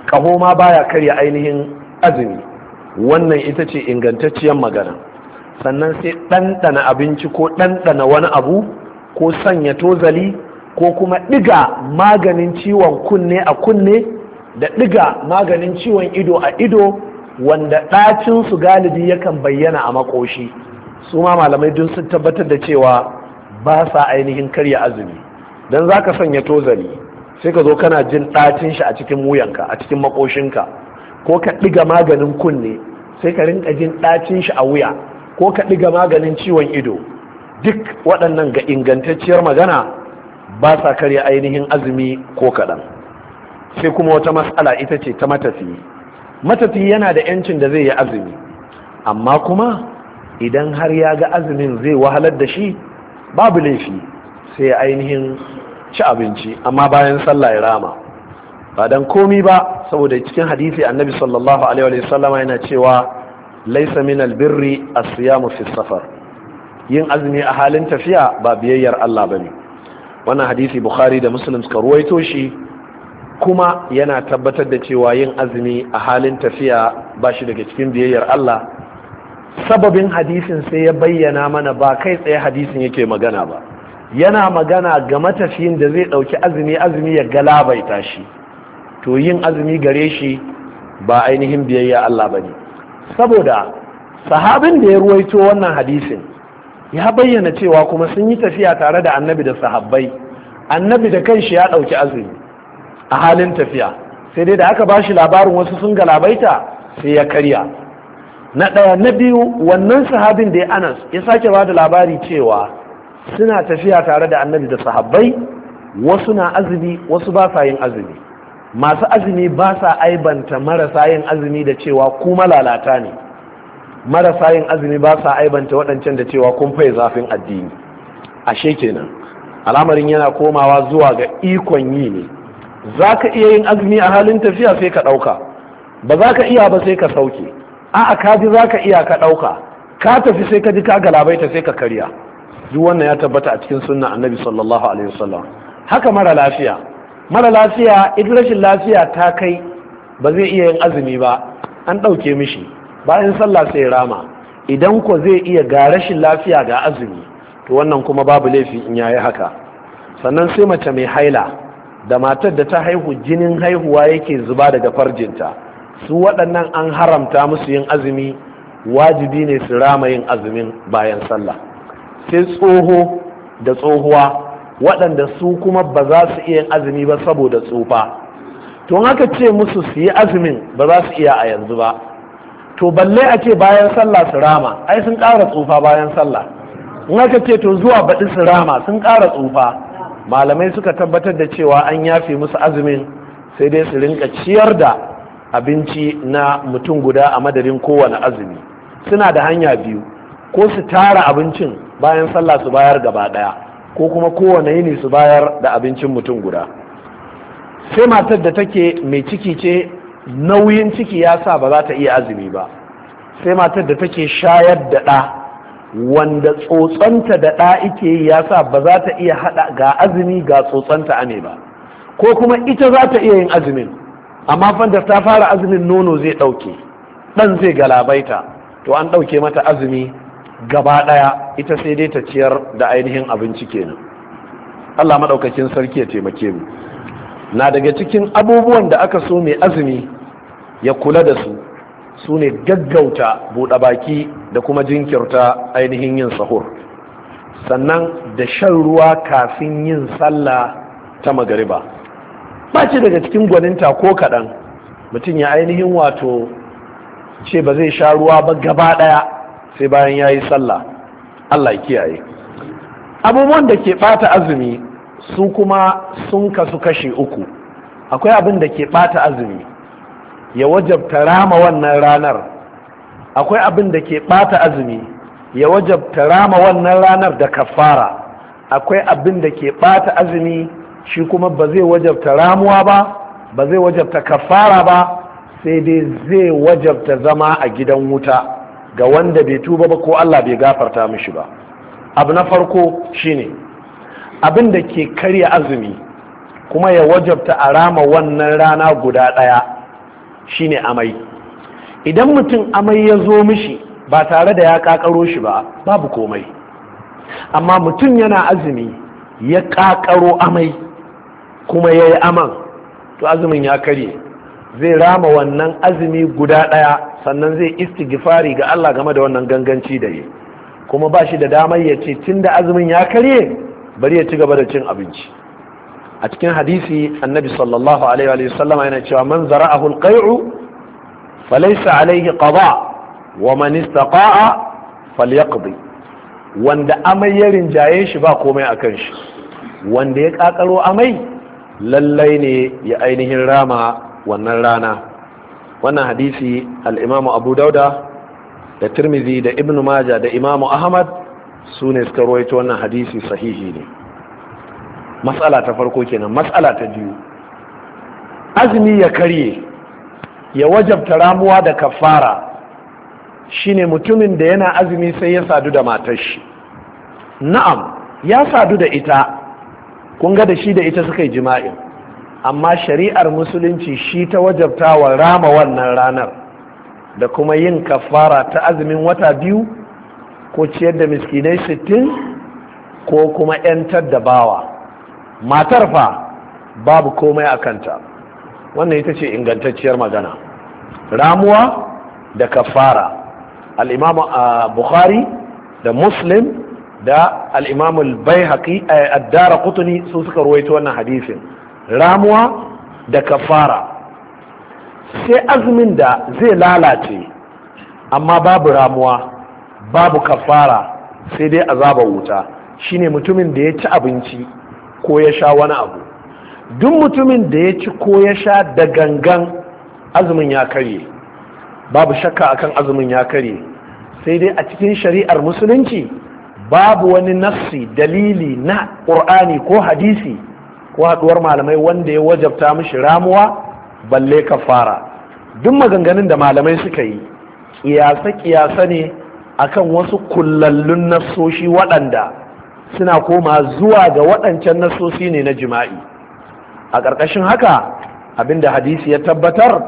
kaho ma baya karya ainihin azumi wannan ita ce ingantacciyar magana sannan sai ɗanɗana abinci ko ɗanɗana wani abu ko sanya tozali ko kuma ɗiga maganin ciwon kunne a kunne da ɗiga maganin ciwon ido a ido wanda ɗacin galibi yakan bayyana a makoshi su ma malamai dun sun tabbatar da cewa ba sa ainihin karya azumi don za ka sanya tozali sai ka zo kana jin ɗacin shi a cikin wuyanka a cikin makoshinka ko ka ɗiga maganin kunne sai ka rinka jin ɗacin shi a wuya ko ka ɗiga maganin ciwon ido duk waɗannan ga ingantacciyar magana ba sa karya ainihin azumi ko kaɗan sai kuma wata matsala ita ce ta matafiyi matafiyi yana da 'yancin da zai yi azumi amma kuma idan har ya ga azumin zai wahalar da shi babu laifi sai ainihin ci abinci amma bayan sallah ya rama ba dan komi ba saboda cikin hadisi annabi sallallahu alaihi wa sallama yana cewa laysa min albirri as-siyamu fi safar yin azumi a halin tafiya ba biyayyar Allah bane wannan hadisi bukhari da muslim suka ruwaito shi kuma yana tabbatar da cewa yin azumi a halin tafiya ba shi daga cikin biyayyar Allah sababin hadisin sai ya bayyana mana ba kai tsaye hadisin yake magana ba yana magana ga matafiyin da zai ɗauki azumi azumi ya galabaita shi to yin azumi gare shi ba ainihin biyayya Allah bane saboda sahabin da ya ruwaito wannan hadisin ya bayyana cewa kuma sun yi tafiya tare da annabi da sahabbai annabi da kanshi ya ɗauki azumi a halin tafiya sai dai da aka ba shi labarin wasu sun galabaita sai ya karya na ɗaya na biyu wannan sahabin da ya anas ya sake ba da labari cewa suna tafiya tare da annabi da sahabbai wasu na azumi wasu ba sa yin azumi masu azumi ba sa aibanta marasa yin azumi da cewa kuma lalata ne marasa yin azumi ba sa aibanta waɗancan da cewa kun fai zafin addini ashe kenan al'amarin yana komawa zuwa ga ikon yi ne za ka iya yin azumi a halin tafiya sai ka ɗauka ba za ka iya ba sai ka sauke a'a ka ji za ka iya ka ɗauka ka tafi sai ka ji ka galabaita sai ka karya duk wannan ya tabbata a cikin sunna annabi sallallahu alaihi wasallam haka mara lafiya mara lafiya idan rashin lafiya ta kai ba zai iya yin azumi ba an ɗauke mishi bayan sallah sai rama idan ko zai iya ga rashin lafiya ga azumi to wannan kuma babu laifi in yayi haka sannan sai mace mai haila da matar da ta haihu jinin haihuwa yake zuba daga farjinta su waɗannan an haramta musu yin azumi wajibi ne su rama yin azumin bayan sallah sai tsoho da tsohuwa waɗanda su kuma ba za su iya azumi ba saboda tsufa to haka ce musu su yi azumin ba za su iya a yanzu ba to balle a ce bayan sallah su rama ai sun ƙara tsufa bayan sallah in haka ce to zuwa baɗi su rama sun ƙara tsufa malamai suka tabbatar da cewa an yafe musu azumin sai dai su rinka ciyar da abinci na mutum guda a madadin kowane azumi suna da hanya biyu ko su tara abincin bayan sallah su bayar gaba ɗaya ko kuma kowane yini su bayar da abincin mutum guda sai matar da take mai ciki ce nauyin ciki ya sa ba za ta iya azumi ba sai matar da take shayar da ɗa wanda tsotsanta da ɗa ike ya sa ba za ta iya haɗa ga azumi ga tsotsanta ane ba ko kuma ita za ta iya yin azumin amma fanda ta fara azumin nono zai ɗauke ɗan zai galabaita to an ɗauke mata azumi gaba ɗaya ita sai dai ta ciyar da ainihin abinci kenan Allah maɗaukakin sarki ya taimake mu na daga cikin abubuwan da aka so mai azumi ya kula da su su ne gaggauta buɗa baki da kuma jinkirta ainihin yin sahur sannan da shan ruwa kafin yin sallah ta magariba ba ce daga cikin gwaninta ko kaɗan mutum ya ainihin wato ce ba zai sha ruwa ba gaba ɗaya sai bayan ya yi sallah allah kiyaye abubuwan da ke ɓata azumi su kuma sun kasu kashe uku akwai abin da ke ɓata azumi ya wajabta rama wannan ranar akwai abin da ke ɓata azumi ya wajabta rama wannan ranar da kafara akwai abin da ke ɓata azumi shi kuma ba zai wajabta ramuwa ba ba zai wajabta kafara ba sai dai zai wajabta zama a gidan wuta ga wanda bai tuba ba ko Allah bai gafarta mishi ba abu na farko shine abin da ke karya azumi kuma ya wajabta a rama wannan rana guda ɗaya shine amai idan mutum amai ya zo mishi ba tare da ya kakaro shi ba babu komai amma mutum yana azumi ya kakaro amai kuma ya yi aman to azumin ya karye zai rama wannan azumi guda ɗaya sannan zai gifari ga Allah game da wannan ganganci da yi kuma ba shi da damar ya ce tun da azumin ya karye bari ya ci gaba da cin abinci a cikin hadisi annabi sallallahu alaihi wa sallama yana cewa man zara'ahu alqai'u falaysa alaihi qada wa man istaqa'a falyaqdi wanda amai ya rinjaye shi ba komai akan shi wanda ya kakaro amai lallai ne ya ainihin rama wannan rana wannan hadisi al'imamu abu dauda da Turmizi da ibn maja da imamu ahmad su ne suka rawaito wannan hadisi sahihi ne matsala ta farko kenan matsala ta biyu azumi ya karye ya wajabta ramuwa da kafara shine mutumin da yana azumi sai ya sadu da matar shi na'am ya sadu da ita kun ga da shi da ita suka yi jima'in amma shari'ar musulunci shi ta wajabta wa rama wannan ranar da kuma yin kafara ta azumin wata biyu ko ciyar da miskinai sittin ko kuma 'yantar da bawa matar fa babu komai a kanta wannan ita ce ingantacciyar magana ramuwa da kafara al'imamu a bukhari da muslim da al'imamu al-bai haƙi a eh, addara kutuni su suka ruwaito wannan hadisin ramuwa da kafara sai azumin da zai lalace amma babu ramuwa babu kafara sai dai azaba wuta shine mutumin da ya ci abinci ko ya sha wani abu duk mutumin da ya ci ko ya sha da gangan azumin ya karye babu shakka akan azumin ya karye sai dai a cikin shari'ar musulunci babu wani nassi dalili na ƙur'ani ko hadisi ko haduwar malamai wanda ya wajabta mishi ramuwa balle ka fara. duk maganganun da malamai suka yi kiyasa kiyasa ne akan wasu kullallun nasoshi waɗanda suna koma zuwa ga waɗancan nassoshi ne na jima'i a ƙarƙashin haka abinda hadisi ya tabbatar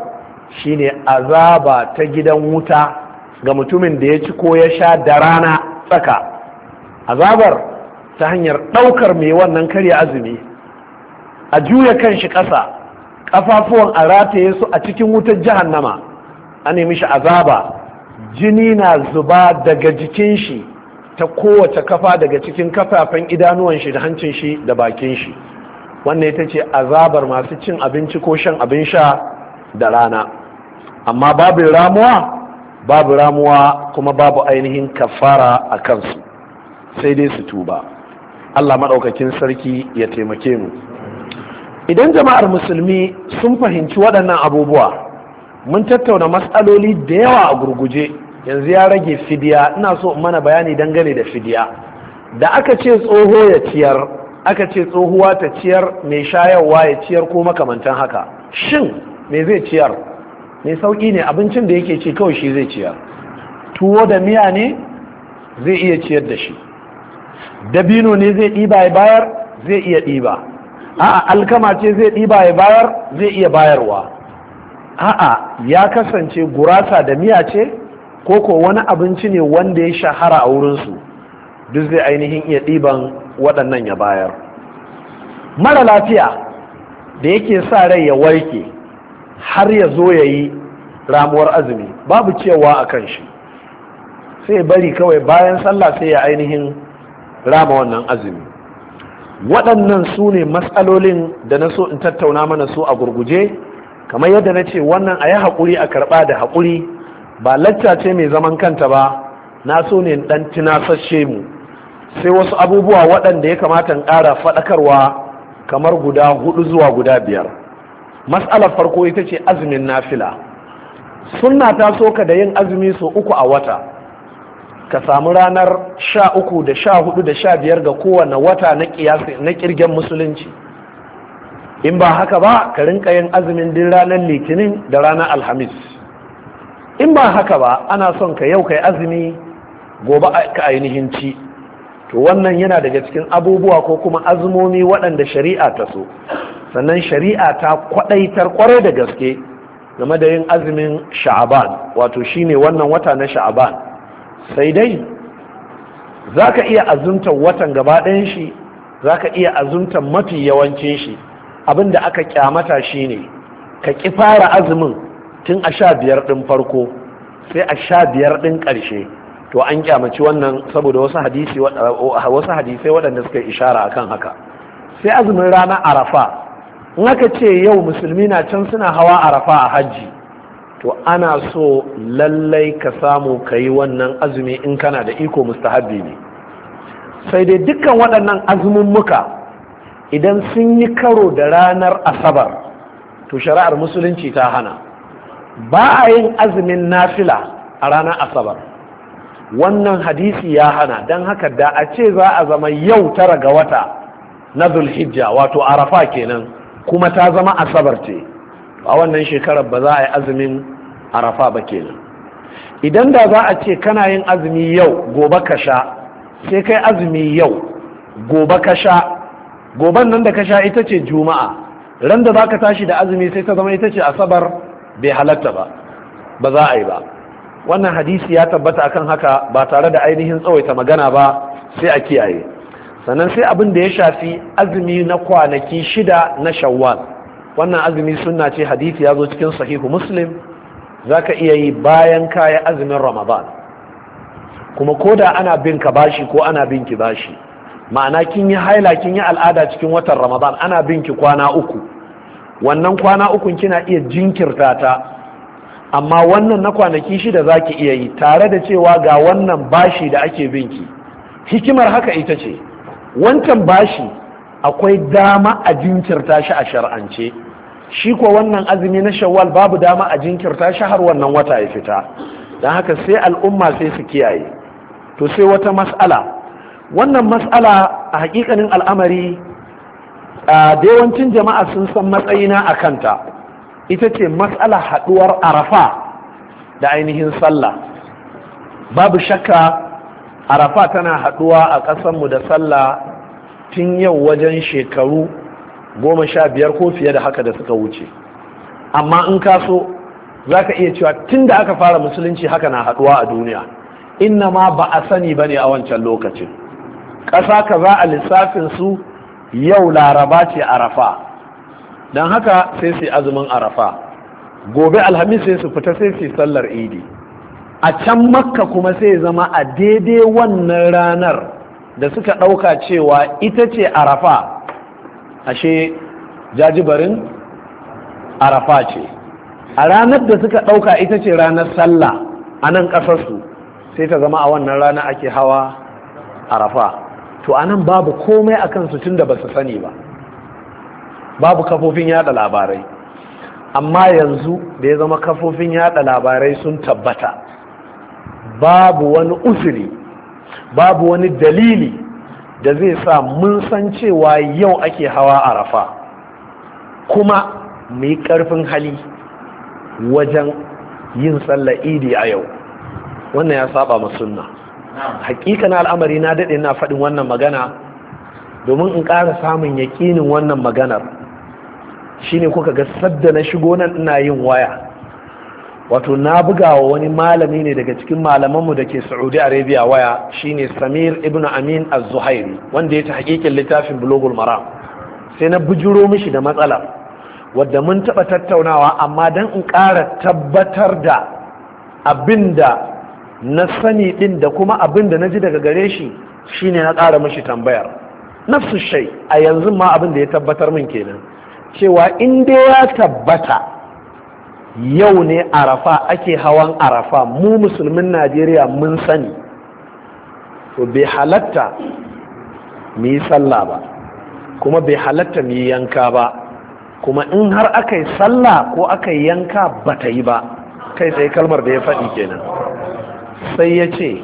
shine azaba ta gidan wuta ga mutumin da ya ci ko ya sha da rana tsaka azabar ta hanyar ɗaukar mai wannan karya azumi a juya kan shi ƙasa ƙafafuwan a rataye su a cikin wutar jahannama a nemi shi azaba jini na zuba daga jikin shi ta kowace kafa daga cikin kafafen idanuwan shi da hancin shi da bakin shi wannan ita ce azabar masu cin abinci ko shan abin sha da rana amma babu ramuwa babu ramuwa kuma babu ainihin kafara a kansu sai dai su tuba Allah maɗaukakin sarki ya taimake mu idan jama'ar musulmi sun fahimci waɗannan abubuwa mun tattauna matsaloli da yawa a gurguje yanzu ya rage fidiya ina so mana bayani dangane da fidiya da aka ce tsoho ya ciyar aka ce tsohuwa ta ciyar mai shayarwa ya ciyar ko makamantan haka shin me zai ciyar mai sauƙi ne abincin da yake ci kawai shi zai ciyar tuwo da miya ne zai iya ciyar da shi dabino ne zai ɗiba ya bayar zai iya ɗiba a'a alkama ce zai ɗiba ya bayar zai iya bayarwa a'a ya kasance gurasa da miya ce ko ko wani abinci ne wanda ya shahara a wurinsu duk zai ainihin iya ɗiban waɗannan ya bayar mara lafiya da yake sa rai ya warke har ya zo ya yi ramuwar azumi babu cewa a kan shi sai bari kawai bayan sallah sai ya ainihin rama wannan azumi waɗannan su ne matsalolin da na so in tattauna mana su a gurguje kamar yadda na ce wannan a yi haƙuri a karɓa da haƙuri ba lacca ce mai zaman kanta ba na so ne ɗan tunasashe mu sai wasu abubuwa waɗanda ya kamata in ƙara faɗakarwa kamar guda hudu zuwa guda biyar matsalar farko ita ce azumin nafila sunna ta soka da yin azumi so uku a wata ka samu ranar sha uku da sha hudu da sha biyar ga kowane wata na kirgen musulunci in ba haka ba ka rinka yin azumin din ranar litinin da ranar alhamis in ba haka ba ana son ka yau kai azumi gobe ka ainihin ci to wannan yana daga cikin abubuwa ko kuma azumomi waɗanda shari'a ta so sannan shari'a ta kwaɗaitar kwarai da gaske game da yin azumin sha'aban wato shine wannan wata na sha'aban sai dai za ka iya azumtar watan gaba shi za ka iya azumtar mafi yawancin shi abin da aka kyamata ne, ka ƙi fara azumin tun a sha biyar ɗin farko sai a sha biyar ɗin ƙarshe to an kyamaci wannan saboda wasu hadisai waɗanda suka ishara akan haka sai azumin rana arafa in aka ce yau musulmi na can suna hawa arafa a hajji to ana so lallai ka samu ka yi wannan azumi in kana da iko mustahabbi ne sai dai dukkan waɗannan azumummuka idan sun yi karo da ranar asabar to shari'ar musulunci ta hana ba a yin azumin nafila a ranar asabar wannan hadisi ya hana don haka da a ce za a zama yau tara ga wata na zulhijja wato arafa kenan kuma ta zama asabar ce a wannan shekarar ba za a yi azumin arafa ba kenan idan da za a ce kana yin azumi yau gobe ka sha sai kai azumi yau gobe ka sha goben nan da ka sha ita ce juma'a ran da za ka tashi da azumi sai ta zama ita ce asabar bai halatta ba ba za a yi ba wannan hadisi ya tabbata akan haka ba tare da ainihin tsawaita magana ba sai a kiyaye sannan sai abin da ya shafi azumi na kwanaki shida na shawwal wannan azumi sunna ce hadithi ya zo cikin sahihu muslim za ka iya yi bayan kaya azumin ramadan kuma ko da ana bin ka bashi ko ana bin ki bashi ma'ana kin yi haila kin yi al'ada cikin watan ramadan ana bin ki kwana uku wannan kwana ukun kina iya jinkirta ta amma wannan na kwanaki shida za ki iya yi tare da cewa ga wannan bashi da ake binki hikimar haka ita ce wancan bashi akwai dama a jinkirta shi a shar'ance shi ko wannan azumi na shawwal babu dama a jinkirta shi har wannan wata ya fita don haka sai al'umma sai su kiyaye to sai wata mas'ala wannan mas'ala a hakikanin al'amari a yawancin jama'a sun san matsayina a kanta ita ce mas'ala haduwar arafa da ainihin sallah babu shakka arafa tana haduwa a ƙasanmu da sallah tun yau wajen shekaru goma sha biyar ko fiye da haka da suka wuce amma in ka so za ka iya cewa tun da aka fara musulunci haka na haɗuwa a duniya inna ma ba a sani ba ne a wancan lokacin ƙasa ka za a lissafin su yau laraba ce arafa don haka sai su azumin arafa gobe alhamis sai su fita sai su sallar idi a can makka kuma sai zama a daidai wannan ranar da suka ɗauka cewa ita ce arafa ashe jajibarin arafa ce a ranar da suka ɗauka ita ce ranar sallah a nan ƙasarsu sai ta zama a wannan rana ake hawa arafa to a nan babu komai a kansu tun da ba su sani ba babu kafofin yada labarai amma yanzu da ya zama kafofin yada labarai sun tabbata babu wani usiri babu wani dalili da zai sa mun san cewa yau ake hawa arafa kuma mu yi ƙarfin hali wajen yin sallar idi a yau wannan ya saba masunna sunna hakika na al'amari na daɗe na faɗin wannan magana domin in ƙara samun yaƙinin wannan maganar shine kuka ga sadda na shigo nan ina yin waya wato na buga wa wani malami ne daga cikin malamanmu da ke saudi arabia waya shine samir ibn amin az-zuhairi wanda ya ta hakikin littafin bulogul maram sai na bujuro mishi da matsala wadda mun taɓa tattaunawa amma dan in ƙara tabbatar da abinda na sani ɗin da kuma abinda na ji daga gare shi shine na ƙara mishi tambayar nafsu shai a yanzu ma abin da ya tabbatar min kenan cewa in dai ya tabbata yau ne arafa ake hawan arafa mu musulmin najeriya mun sani to bai halatta mu yi sallah ba kuma bai halatta mu yi yanka ba kuma in har aka yi sallah ko aka yi yanka ba ta yi ba kai tsaye kalmar da ya faɗi kenan sai ya ce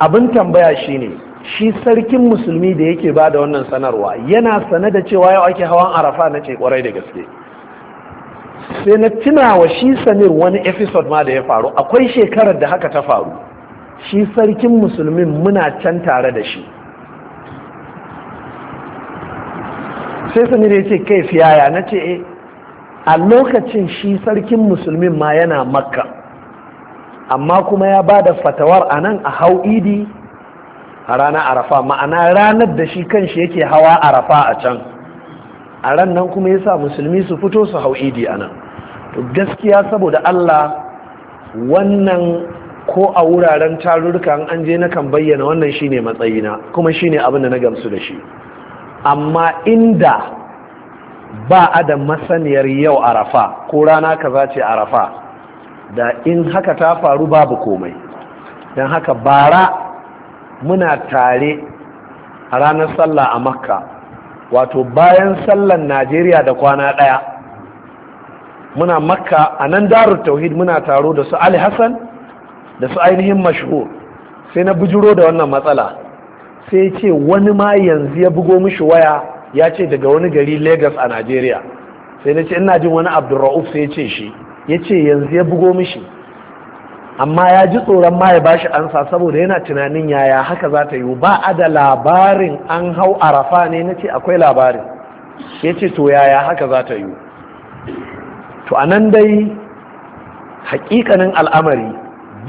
abin tambaya shi ne shi sarkin musulmi da yake ba da wannan sanarwa yana sane da cewa yau ake hawan arafa na ce kwarai da gaske sai na tuna wa shi samir wani episode ma da ya faru akwai shekarar da haka ta faru shi sarkin musulmin muna can tare da shi sai samir ya ce kai fiyaya na ce eh, a lokacin shi sarkin musulmin ma yana makka amma kuma ya ba da fatawar a nan a hau idi a ranar arafa ma'ana ranar da shi kanshi yake hawa arafa a can a ran nan kuma ya sa musulmi su fito su hau idi anan to gaskiya saboda Allah wannan ko a wuraren tarurruka an je na kan bayyana wannan shine matsayina kuma shine abin da na gamsu da shi amma inda ba a da masaniyar yau arafa ko rana kaza ce arafa da in haka ta faru babu komai don haka bara muna tare a ranar sallah a makka wato bayan sallan najeriya da kwana ɗaya muna makka a nan darar tauhid muna taro da su ali hassan da su ainihin mashhur sai na bujiro da wannan matsala sai ce wani ma yanzu ya bugo mishi waya ya ce daga wani gari lagos a najeriya sai na ce ina jin wani abdurra'uf sai ya ce shi ya ce yanzu ya bugo mishi amma ya ji tsoron ma ya shi ansa saboda yana tunanin yaya haka za ta yi ba a da labarin an hau arafa ne na ce akwai labarin ya ce to yaya haka za ta yi to anan dai hakikanin al'amari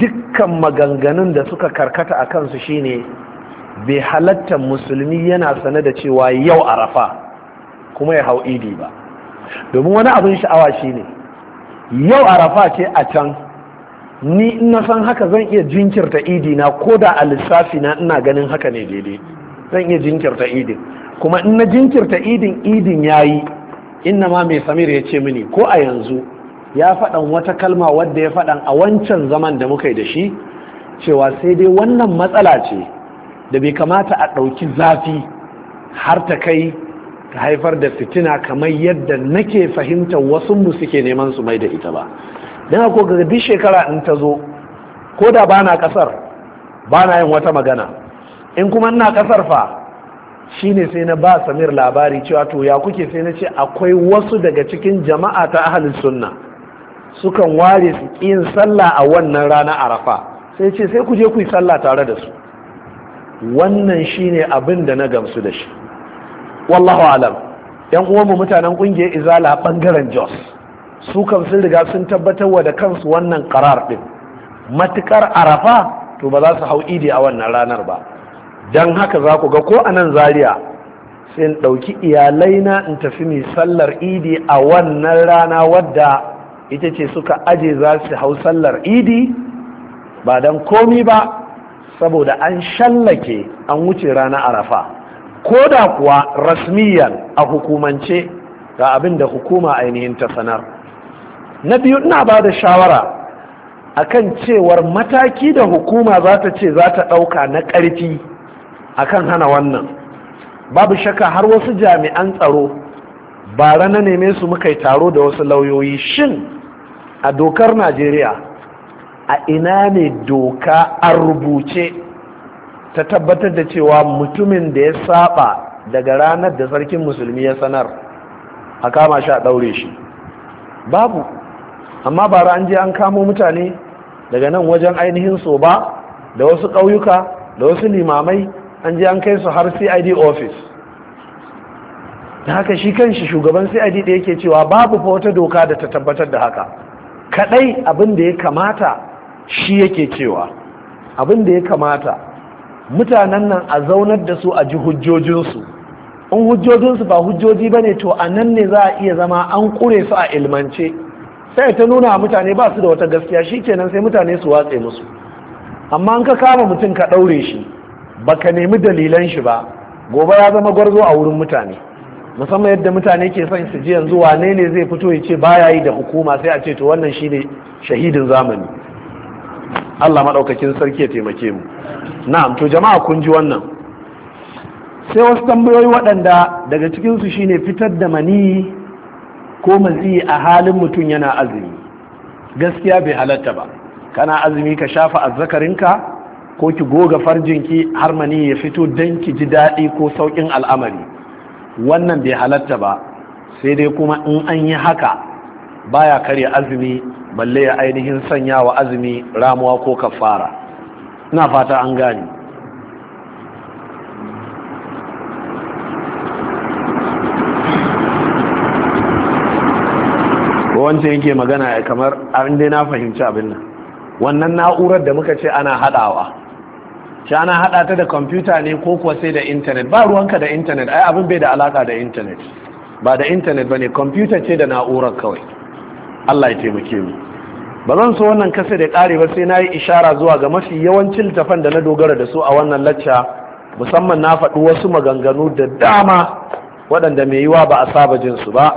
dukkan maganganun da suka karkata a kansu shine bai halatta musulmi yana sane da cewa yau arafa kuma ya hau idi ba domin wani abin sha'awa shine yau arafa ce a can ni in na san haka zan iya jinkirta idi na ko da a lissafi na ina ganin haka ne daidai zan iya jinkirta idin kuma in na jinkirta idin idin ya yi. inna ma mai samir ya ce mini ko a yanzu ya faɗan wata kalma wadda ya faɗan a wancan zaman da muka yi da shi cewa sai dai wannan matsala ce da bai kamata a ɗauki zafi har ta kai ta haifar da fitina kamar yadda nake fahimtar wasu mu suke neman su mai da ita ba don ko ga duk shekara in ta zo ko da ba na kasar ba na yin wata magana in kuma ina kasar fa shine sai na ba samir labari cewa to ya kuke sai na ce akwai wasu daga cikin jama'a ta ahalin sunna sukan ware su yin sallah a wannan rana arafa sai ce sai ku je ku yi sallah tare da su wannan shine abin da na gamsu da shi wallahu alam yan uwanmu mutanen ƙungiyar izala ɓangaren jos su kan sun riga sun tabbatar wa da kansu wannan karar ɗin. matukar arafa to ba za su hau idi a wannan ranar ba don haka za ku ga ko a nan zariya sai in ɗauki na in tafi mai sallar idi a wannan rana wadda ita ce suka aje za su hau sallar idi ba don komi ba saboda an shallake an wuce rana arafa ko da kuwa rasmiyan a hukumance ga abin da hukuma ainihin ta sanar na biyu ina ba da shawara a kan cewar mataki da hukuma za ta ce za ta ɗauka na ƙarfi akan hana wannan babu shakka har wasu jami'an tsaro ba na neme su muka yi taro da wasu lauyoyi shin a dokar najeriya a ina ne doka a rubuce ta tabbatar da cewa mutumin da ya saba daga ranar da sarkin musulmi ya sanar a kama shi a ɗaure shi babu amma bara an je an kamo mutane daga nan wajen ainihin ba da wasu ƙauyuka da wasu limamai an je an kai su har cid office da haka shi kanshi shugaban cid da yake cewa babu fa wata doka da ta tabbatar da haka kadai abin da ya kamata shi yake cewa abin da ya kamata mutanen nan a zaunar da su a ji hujjojinsu in hujjojinsu ba hujjoji ba ne to a nan ne za a iya zama an kure su a ilmance sai ta nuna a mutane ba su da wata gaskiya shi kenan sai mutane su watse musu amma an ka kama mutum ka ɗaure shi baka nemi dalilan shi ba gobe ya zama gwarzo a wurin mutane musamman yadda mutane ke son su ji yanzu wane ne zai fito ya ce baya yi da hukuma sai a ce to wannan shi ne shahidin zamani Allah maɗaukakin sarki ya taimake mu na'am to jama'a kun ji wannan sai wasu tambayoyi waɗanda daga cikinsu shine fitar da mani ko mazi a halin mutum yana azumi gaskiya bai halatta ba kana azumi ka shafa azzakarinka ko ki goga farjinki har mani ya fito don ki ji daɗi ko sauƙin al'amari wannan bai halatta ba sai dai kuma in an yi haka baya karya azumi balle ya ainihin sanya wa azumi ramuwa ko kafara ina fata an gani wancan yake magana kamar an dai na fahimci abin nan wannan na'urar da muka ce ana haɗawa shi ana haɗa ta da kwamfuta ne ko kuwa sai da intanet ba ruwanka da intanet ai abin bai da alaka da intanet ba da intanet ba ne kwamfuta ce da na'urar kawai allah ya taimake mu ba zan so wannan kasa da ƙare ba sai na yi ishara zuwa ga mafi yawancin littafan da na dogara da su a wannan lacca musamman na faɗi wasu maganganu da dama waɗanda mai yiwa ba a saba jinsu ba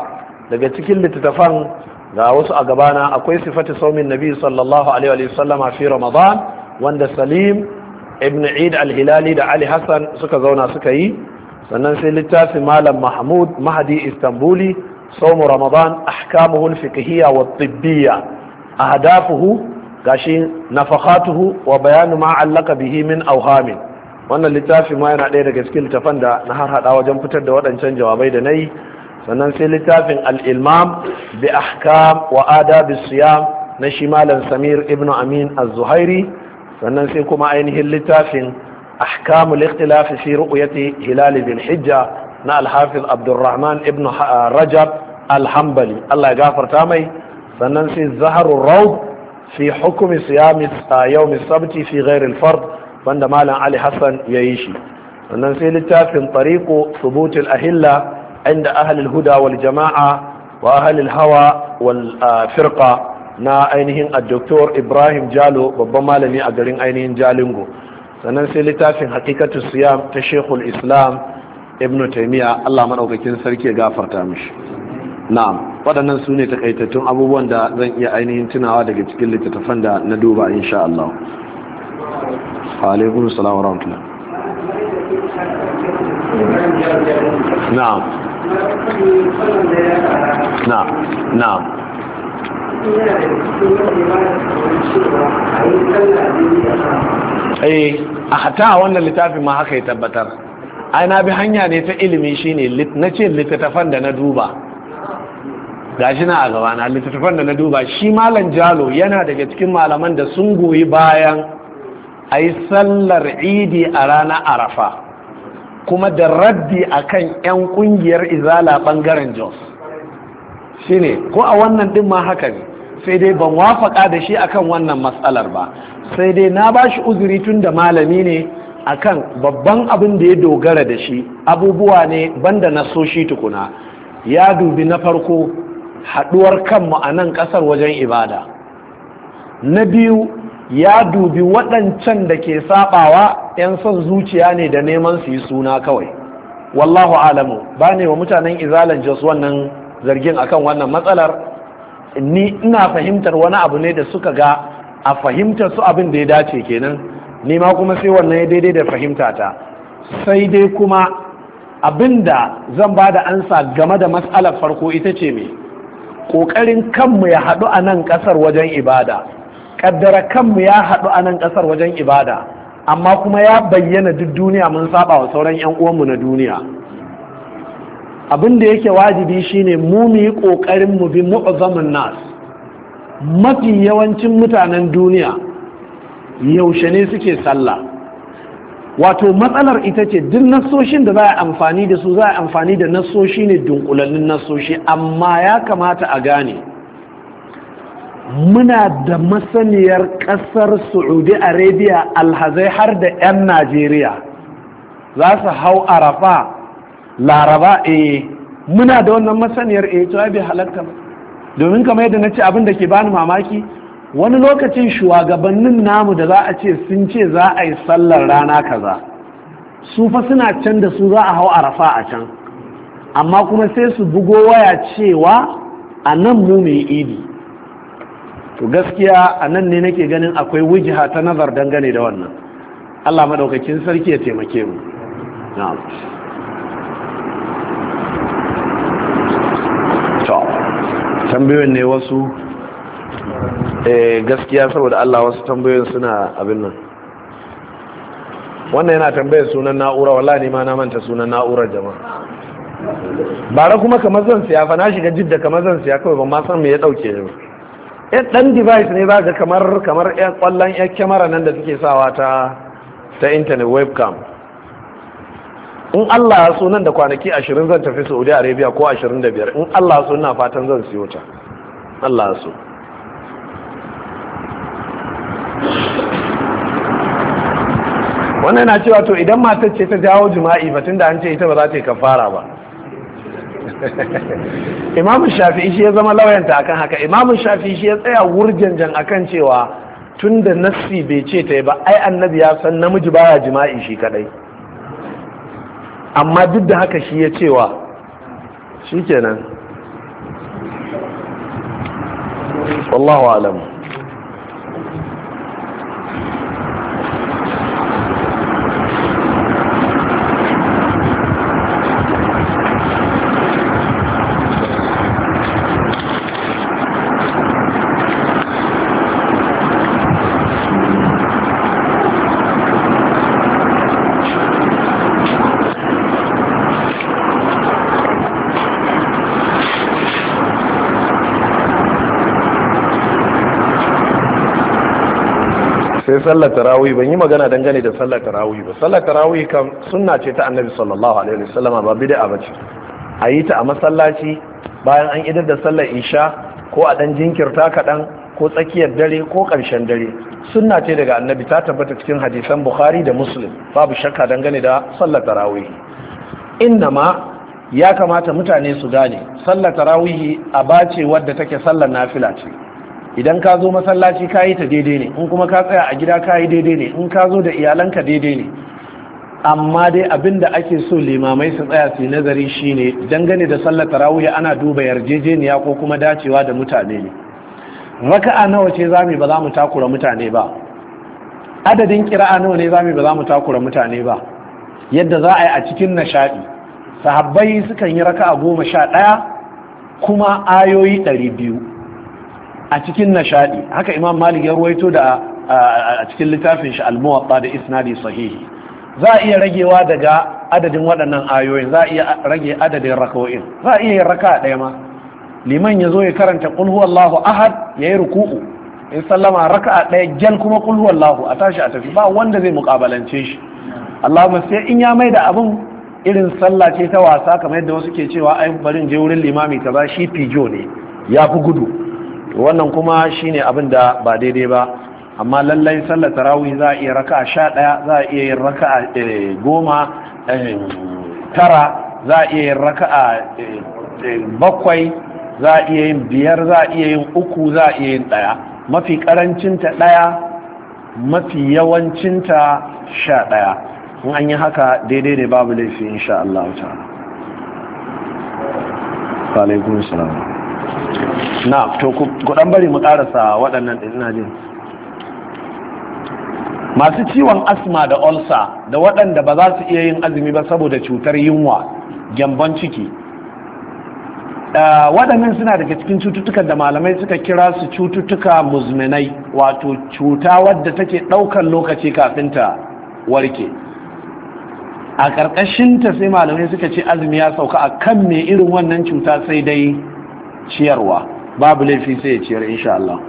daga cikin littattafan ga wasu a gabana akwai sifati saumin nabi sallallahu alaihi wa sallama fi ramadan wanda salim ibn eid al-hilali da ali hassan suka zauna suka yi sannan sai littafin malam mahmud mahdi istanbuli saumu ramadan ahkamuhu al-fiqhiyya wa tibbiyya ahdafuhu gashi nafakhatuhu wa bayanu ma allaka bihi min awhamin wannan littafin ma yana daya daga cikin littafan da na har hada wajen fitar da waɗancan jawabai da na yi sannan sai littafin al-ilmam bi ahkam wa siyam na shi malam samir ibnu amin az-zuhairi sannan sai kuma ainihin littafin ahkamu al-ikhtilaf fi ru'yati hilal bin hijja na alhafiz abdurrahman ibnu ah, rajab Alhambali. Allah ya gafarta mai sannan sai zaharur Ra'ub fi hukumi siyami ah, yawmi sabti fi ghairi al-fard wanda malam ali hassan yayi shi sannan sai littafin tariqu thubutul ahilla inda ahlul huda wal jama'a wa ahlul hawa wal na ainihin a ibrahim jalo babban malami a garin ainihin jalingo sannan sai littafin hakikatu siyam ta shekul islam ibn taimiyya allah maɗaukakin sarki ya gafarta mishi na'am waɗannan su ne takaitattun abubuwan da zan iya ainihin tunawa daga cikin littattafan da na duba insha allah alaikum salam wa na'am na eh a hata wannan littafin ma haka ya tabbatar ai na bi hanya ne ta ilimi shine na ce littattafan da na duba gashi na a gaba na, littattafan da na duba shi malam jalo yana daga cikin malaman da sun goyi bayan a sallar idi a ranar arafa kuma da raddi akan 'yan kungiyar izala ɓangaren jos shine ko a wannan ɗin ma haka ne sai dai ban wafaka da shi akan wannan matsalar ba sai dai na ba shi uzuri tun da malami ne akan babban abin da ya dogara da shi abubuwa ne banda na so shi tukuna ya dubi na farko haɗuwar kanmu a nan ƙasar wajen ibada na biyu ya dubi waɗancan da ke saɓawa 'yan son zuciya ne da neman su yi suna kawai wallahu alamu ba ne wa mutanen izalan jos wannan zargin akan wannan matsalar ni ina fahimtar wani abu ne da suka ga a fahimtar su abin da ya dace kenan ni ma kuma sai wannan ya daidai da fahimtata. sai dai kuma abin da zan ba da ansa game da matsalar farko ita ce mai ƙoƙarin kanmu ya haɗu a nan ƙasar wajen ibada kaddara kanmu ya haɗu a nan ƙasar wajen ibada amma kuma ya bayyana duk duniya mun saba wa sauran 'yan uwanmu na duniya abin da yake wajibi shine mu mu yi ƙoƙarin mu bi mu'azzamin nas mafi yawancin mutanen duniya yaushe ne suke sallah wato matsalar ita ce duk nasoshin da za a amfani da su za a amfani da nassoshi ne dunkulannin nassoshi amma ya kamata a gane muna da masaniyar kasar saudi arabia alhazai har da 'yan najeriya za su hau arafa laraba eh muna da wannan masaniyar eh to bai halatta ba domin kamar yadda na ce abin da ke bani mamaki wani lokacin shugabannin namu da za a ce sun ce za a yi sallar rana kaza su fa suna can da su za a hau arafa a can amma kuma sai su bugo waya cewa a nan mu mai idi to gaskiya a nan ne nake ganin akwai wujiha ta nazar dangane da wannan allah maɗaukakin sarki ya taimake mu tambayoyin ne wasu eh, gaskiya saboda allah wasu tambayoyin suna abin nan wannan yana tambayar sunan na'ura wala ne ma na manta sunan na'urar jama'a bara kuma kamar zan siya fa na shiga jidda kamar zan siya kawai ban ma san me ya dauke ne yan eh, dan device ne za ga kamar kamar yan kwallon yan kyamara nan da suke sawa ta ta internet webcam in Allah ya so nan da kwanaki 20 zan tafi Saudi Arabia ko 25 in Allah ya so ina fatan zan siyo ta Allah ya so wannan na cewa to idan matar ce ta jawo jima'i batun da an ce ita ba za ta yi kafara ba imamu shafi'i shi ya zama lauyanta akan haka imamu shafi'i shi ya tsaya wurjanjan akan cewa tun da nassi bai ce ta ba ai annabi ya san namiji baya jima'i shi kadai amma duk da haka shi ya cewa shikenan wallahu alam sai sallar tarawih ban yi magana dangane da sallar tarawih ba sallar tarawih kam sunna ce ta annabi sallallahu alaihi wasallam ba bid'a ba ce a yi ta a masallaci bayan an idar da sallar isha ko a dan jinkirta kaɗan ko tsakiyar dare ko ƙarshen dare sunna ce daga annabi ta tabbata cikin hadisan bukhari da muslim babu shakka dangane da sallar tarawih ma ya kamata mutane su gane sallar tarawih a bace wadda take sallar nafila ce idan ka zo masallaci ka yi ta daidai ne in kuma ka tsaya a gida ka yi daidai ne in ka zo da iyalanka daidai ne amma dai abin da ake so limamai su tsaya su nazari shine dangane da sallar tarawiyya ana duba yarjejeniya ko kuma dacewa da mutane ne raka'a nawa ce zamu ba za mu takura mutane ba adadin kira'a nawa ne zamu ba za mu takura mutane ba yadda za a yi a cikin nishadi sahabbai sukan yi raka'a goma sha ɗaya kuma ayoyi ɗari biyu a cikin nashadi haka imam malik ya ruwaito da a cikin littafin shi almuwatta da isnadi sahihi za a iya ragewa daga adadin waɗannan ayoyin za a iya rage adadin raka'o'in za a iya yin raka ɗaya ma liman ya zo ya karanta qul lahu ahad ya yi ruku'u in sallama raka a ɗaya Jan kuma qul lahu, a tashi a tafi ba wanda zai muƙabalance shi Allahumma sai in ya mai da abin irin sallah ce ta wasa kamar yadda wasu ke cewa ai barin je wurin limami ta za shi pijo ne ya fi gudu wannan kuma shine abin da ba daidai ba amma lallai sallar tarawih za a iya raka a sha ɗaya za a iya yin raka a eh, goma eh, tara za a iya yin raka a eh, bakwai za a iya yin biyar za a iya yin uku za a iya yin ɗaya mafi ƙarancinta ɗaya mafi yawancinta sha ɗaya in an yi haka daidai ne babu laifi insha Allah ta'ala. Salaikun salamu. na to ku dan bari mu karasa waɗannan ɗin ina jin masu ciwon asma da olsa da waɗanda ba za su iya yin azumi ba saboda cutar yunwa gyamban ciki eh, waɗannan suna daga cikin cututtukan da malamai suka kira su cututtuka muzminai wato cuta wadda take ɗaukar lokaci kafin ta warke a ƙarƙashinta sai malamai suka ce azumi ya sauka a kan mai irin wannan cuta sai dai ciyarwa babu laifi sai ya ciyar insha Allah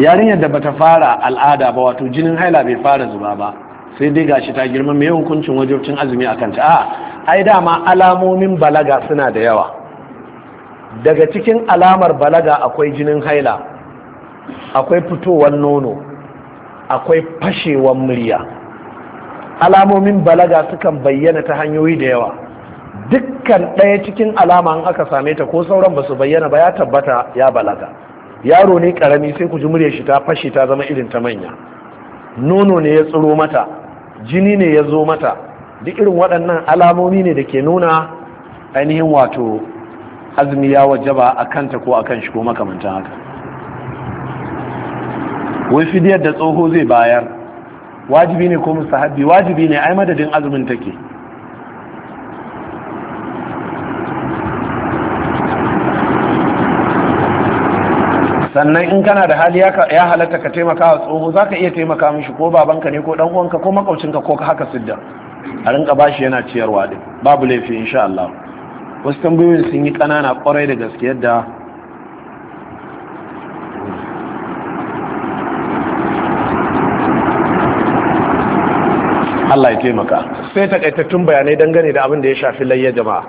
yarinyar da bata fara al'ada ba wato jinin haila bai fara zuba ba sai dai gashi ta girma mai hukuncin wajibcin azumi a kanta a ai dama alamomin balaga suna da yawa daga cikin alamar balaga akwai jinin haila akwai fitowar nono akwai fashewar murya alamomin balaga sukan bayyana ta hanyoyi da yawa dukkan ɗaya cikin alama in aka same ta ko sauran ba su bayyana ba ya tabbata ya balaga yaro ne karami sai ku ji muryar shi ta fashe ta zama irin ta manya nono ne ya tsiro mata jini ne ya zo mata duk irin waɗannan alamomi ne da ke nuna ainihin wato azumi ya wajaba a kanta ko a kan shi ko makamantan haka wai fidiyar da tsoho zai bayar wajibi ne ko musahabi wajibi ne ai madadin azumin take sannan in kana da hali ya halatta ka taimaka wa tsoho za ka iya taimaka mishi ko babanka ne ko ɗan'uwanka, ko makaucinka ko haka sidda a rinka bashi yana ciyarwa ɗin babu laifi insha Allah wasu tambayoyin sun yi ƙanana kwarai da gaske yadda Allah ya taimaka sai takaitattun bayanai dangane da abin da ya shafi layya jama'a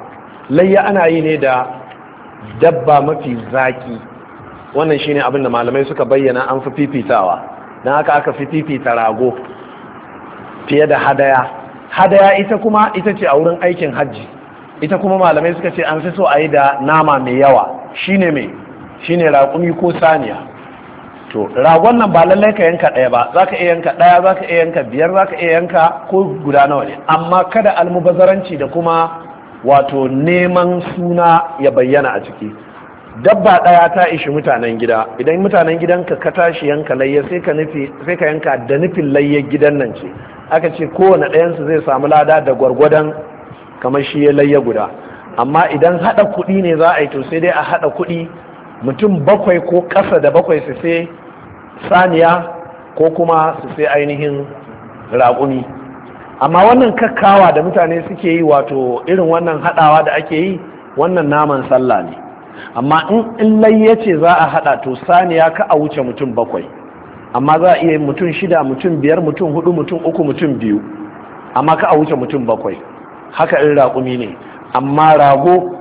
layya ana yi ne da dabba mafi zaki wannan shine abin da malamai suka bayyana an fi fifitawa don haka aka fi fifita rago fiye da hadaya hadaya ita kuma ita ce a wurin aikin hajji ita kuma malamai suka ce an fi so a yi da nama mai yawa shine mai ne raƙumi ko saniya to ragon nan ba lallai ka yanka ɗaya ba za ka iya yanka ɗaya za ka iya yanka biyar za ka iya yanka ko guda nawa ne amma kada almubazaranci da kuma wato neman suna ya bayyana a ciki dabba ɗaya ta ishi mutanen gida idan mutanen gidan ka tashi yanka layya sai ka yanka da nufin layya gidan nan ce aka ce kowane ɗayansu zai samu lada da gwargwadon kamar shi ya layya guda amma idan haɗa kuɗi ne za a yi to sai dai a haɗa kuɗi mutum bakwai ko ƙasa da bakwai su sai saniya ko kuma su sai ainihin raƙumi amma wannan kakkawa da mutane suke yi wato irin wannan haɗawa da ake yi wannan naman sallah ne amma in illai ya ce za a haɗa to saniya ka a wuce mutum bakwai amma za a iya mutum shida mutum biyar mutum hudu mutum uku mutum biyu amma ka a wuce mutum bakwai haka in raƙumi ne amma rago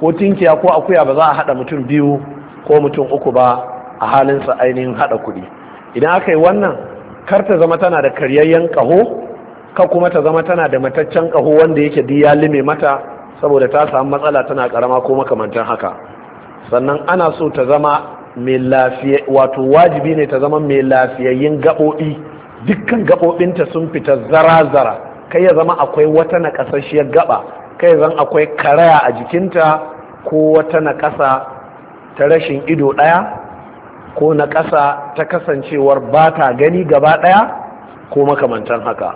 ko tinkiya ko akuya ba za a haɗa mutum biyu ko mutum uku ba a halinsa ainihin haɗa kuɗi idan aka yi wannan kar ta zama tana da karyayyen ƙaho ka kuma ta zama tana da mataccen ƙaho wanda yake duk mai mata saboda ta samu matsala tana ƙarama ko makamantan haka sannan ana so ta zama mai lafiya wato wajibi ne ta zama mai lafiyayyen gaɓoɓi dukkan gaɓoɓinta sun fita zara-zara kai ya zama akwai wata naƙasasshiyar gaɓa, kai zan akwai karaya a jikinta ko wata naƙasa ta rashin ido ɗaya ko naƙasa ta kasancewar ba ta gani gaba ɗaya ko makamantan haka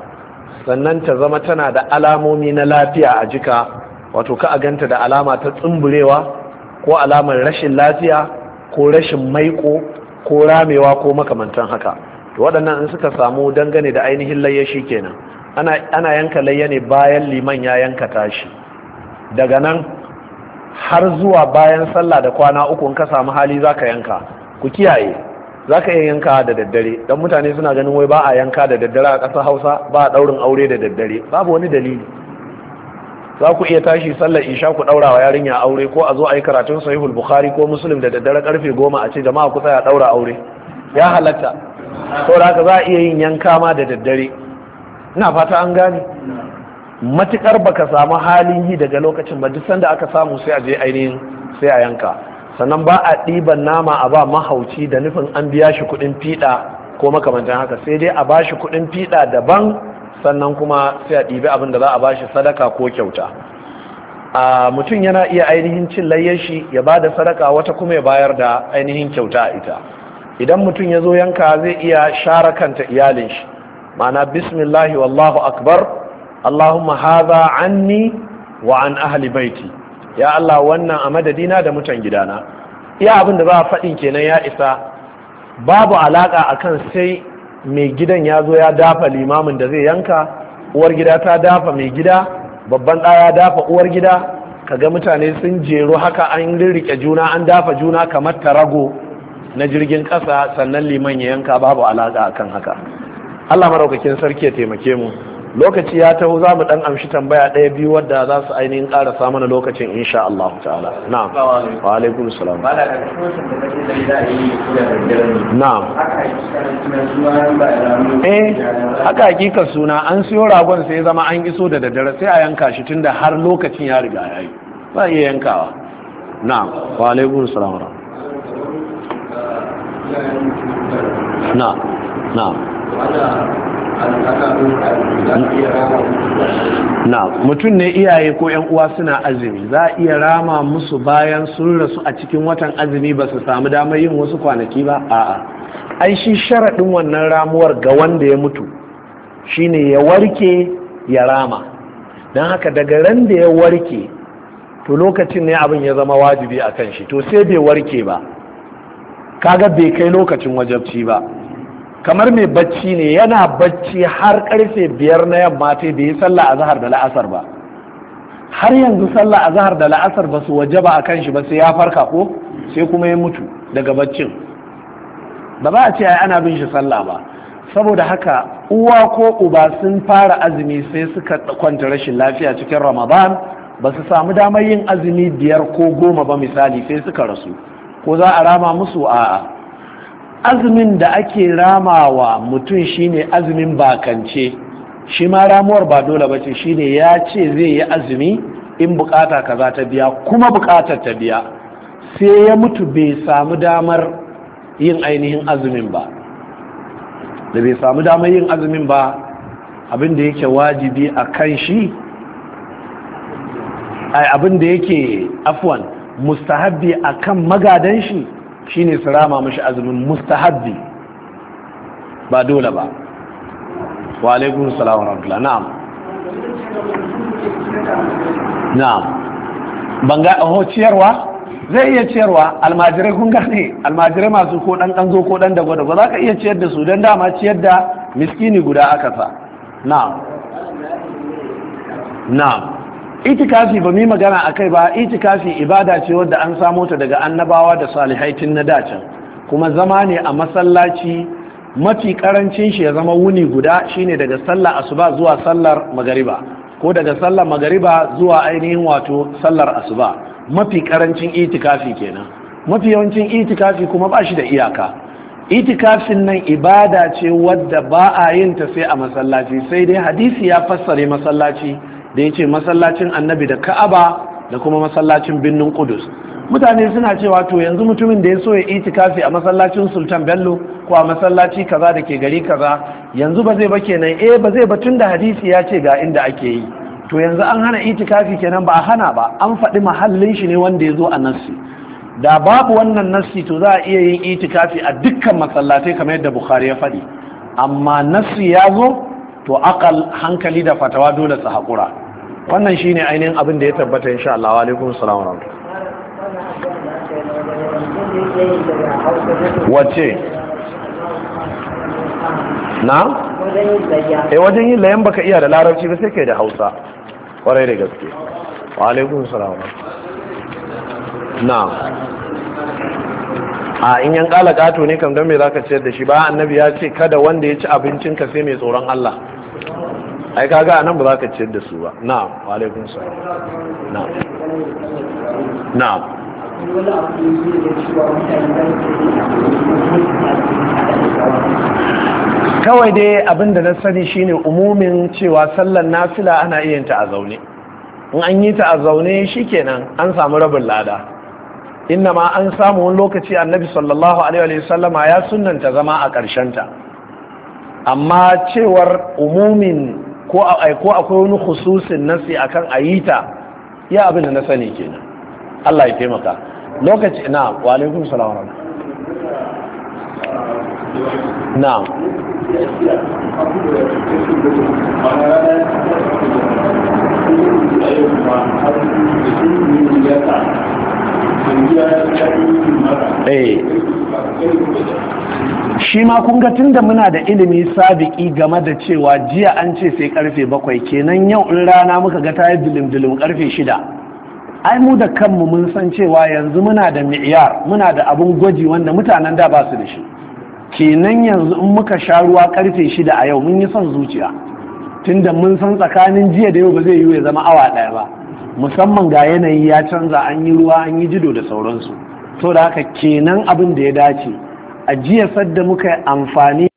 sannan ta zama tana da alamomi na lafiya a jika wato ka a ganta da alama ta tsumburewa ko alamar rashin lafiya ko rashin maiko ko ramewa ko makamantan haka to waɗannan in suka samu dangane da ainihin layya shi kenan ana yanka layya ne bayan liman ya yanka tashi daga nan har zuwa bayan sallah da kwana uku in ka samu hali za ka yanka ku kiyaye za ka iya yanka da daddare don mutane suna ganin wai ba a yanka da daddare a ƙasar hausa ba a ɗaurin aure da daddare babu wani dalili za ku iya tashi sallar isha ku daura wa yarinya aure ko a zo a yi karatun sahihul bukhari ko muslim da daddare karfe goma a ce jama'a ku tsaya daura aure ya halatta da haka za a iya yin yanka ma da daddare ina fata an gane matukar baka samu halin yi daga lokacin ba duk sanda aka samu sai a je ainihin sai a yanka sannan ba a ɗiban nama a ba mahauci da nufin an biya shi kuɗin fiɗa ko makamantan haka sai dai a ba shi kuɗin fiɗa daban sannan kuma sai a ɗibi abin da za a bashi sadaka ko kyauta a mutum yana iya ainihin cin layyar shi ya ba da sadaka wata kuma ya bayar da ainihin kyauta a ita idan mutum ya zo yanka zai iya share kanta iyalin shi ma'ana bismillahi wallahu akbar allahumma haza anni wa an ahli baiti ya allah wannan a madadina da mutan gidana iya abin da za a faɗin kenan ya isa babu alaƙa akan sai mai gidan ya zo ya dafa limamin da zai yanka uwar gida ta dafa mai gida babban ɗaya ya dafa uwar gida ga mutane sun jeru haka an rirrike juna an dafa juna kamar tarago na jirgin ƙasa sannan liman ya yanka babu alaƙa akan haka Allah maraukakin sarki ya taimake mu lokaci ya taho za mu dan amshi tambaya ɗaya biyu wadda za su ainihin ƙarasa mana lokacin insha Allah ta'ala na'am wa alaikum salam na'am eh haka hakika suna an siyo ragon sai zama an iso da daddare sai a yanka shi tunda har lokacin ya riga yayi ba iya yankawa na'am wa alaikum salam na'am na'am na mutum ne iyaye ko yan uwa suna azumi za a iya rama musu bayan sun rasu a cikin watan azumi ba su samu damar yin wasu kwanaki ba a'a ai shi sharaɗin wannan ramuwar ga wanda ya mutu shine ya warke ya rama don haka daga ran da ya warke to lokacin ne abin ya zama wajibi a kan shi to sai bai warke ba kaga bai kai lokacin wajabci ba kamar mai bacci ne yana bacci har karfe biyar na yamma ta bai yi sallah a zahar da la'asar ba har yanzu sallah a zahar da la'asar ba su waje ba a kan shi ba sai ya farka ko sai kuma ya mutu daga baccin ba ba a ce ana bin shi sallah ba saboda haka uwa ko uba sun fara azumi sai suka kwanta rashin lafiya cikin ramadan ba su samu damar yin azumi biyar ko goma ba misali sai suka rasu ko za a rama musu a'a azumin da ake ramawa mutum shine azumin bakance shi ma ramuwar ba dole ba ce shine ya ce zai yi azumi in bukata kaza ta biya kuma bukatar ta biya sai ya mutu bai samu damar yin ainihin azumin ba da bai samu damar yin azumin ba abin yake wajibi a kan shi abin da yake afwan mustahabbi akan magadan shi shine su rama mashi azumin mustahabbi ba dole ba wa alaikun salam wa rahmatullah na'am na'am ga aho ciyarwa zai iya ciyarwa almajirai kun gane almajirai masu ko dan kanzo ko dan dago dago za ka iya ciyar da su don dama ciyar da miskini guda aka sa na'am na'am itikafi ba mi magana a kai ba itikafi ibada ce wadda an samo ta daga annabawa da salihai tun na dacin kuma zama ne a masallaci mafi karancin shi ya zama wuni guda shine daga sallar asuba zuwa sallar magariba ko daga sallar magariba zuwa ainihin wato sallar asuba mafi karancin itikafi kenan mafi yawancin itikafi kuma ba shi da iyaka itikafin nan ibada ce wadda ba a yin ta sai a masallaci sai dai hadisi ya fassare masallaci da ya ce masallacin annabi da ka'aba da kuma masallacin birnin kudus mutane suna cewa to yanzu mutumin da ya so ya itikafi a masallacin sultan bello ko a masallaci kaza da ke gari kaza yanzu ba zai ba kenan eh ba zai ba tun da hadisi ya ce ga inda ake yi to yanzu an hana itikafi kenan ba a hana ba an faɗi mahallin shi ne wanda ya zo a nassi da babu wannan nassi to za a iya yin itikafi a dukkan masallatai kamar yadda bukhari ya faɗi amma nassi ya zo to akal hankali da fatawa dole su haƙura wannan shi ne ainihin abin da ya tabbata insha Allah wa salamun assalam wace na? eh wajen yin layan baka iya da larabci ba sai ke da hausa kwarai da gaske wa salamun salamu na a in yan kala gato ne kam don me za ka ciyar da shi ba annabi ya ce kada wanda ya ci abincinka sai mai tsoron Allah ai kaga anan ba za ka ciyar da su ba na'am wa alaikum na'am kawai dai abinda na sani shine umumin cewa sallar nafila ana iya yin ta a zaune in an yi ta a zaune shikenan an samu rabin lada inna ma an samu wani lokaci annabi sallallahu alaihi wa sallama ya sunanta zama a ƙarshenta amma cewar umumin ko akwai wani khususin nasi akan ayita ya abin da na sani kenan Allah ya taimaka lokaci na wa alaikum salam na Eh. shi ma kun ga tunda muna da ilimi sabiki game da cewa jiya an ce sai karfe bakwai kenan yau in rana muka ga ta yi dilim-dilim karfe shida ai mu da kanmu mun san cewa yanzu muna da mi'yar muna da abin gwaji wanda mutanen da ba su da shi kenan yanzu in muka sha ruwa karfe shida a yau mun yi son zuciya tunda mun san tsakanin jiya da yau ba zai yi ya zama awa ɗaya ba musamman ga yanayi ya canza an yi ruwa an yi jido da sauransu sau da haka kenan abin da ya dace a jiya sadda muka amfani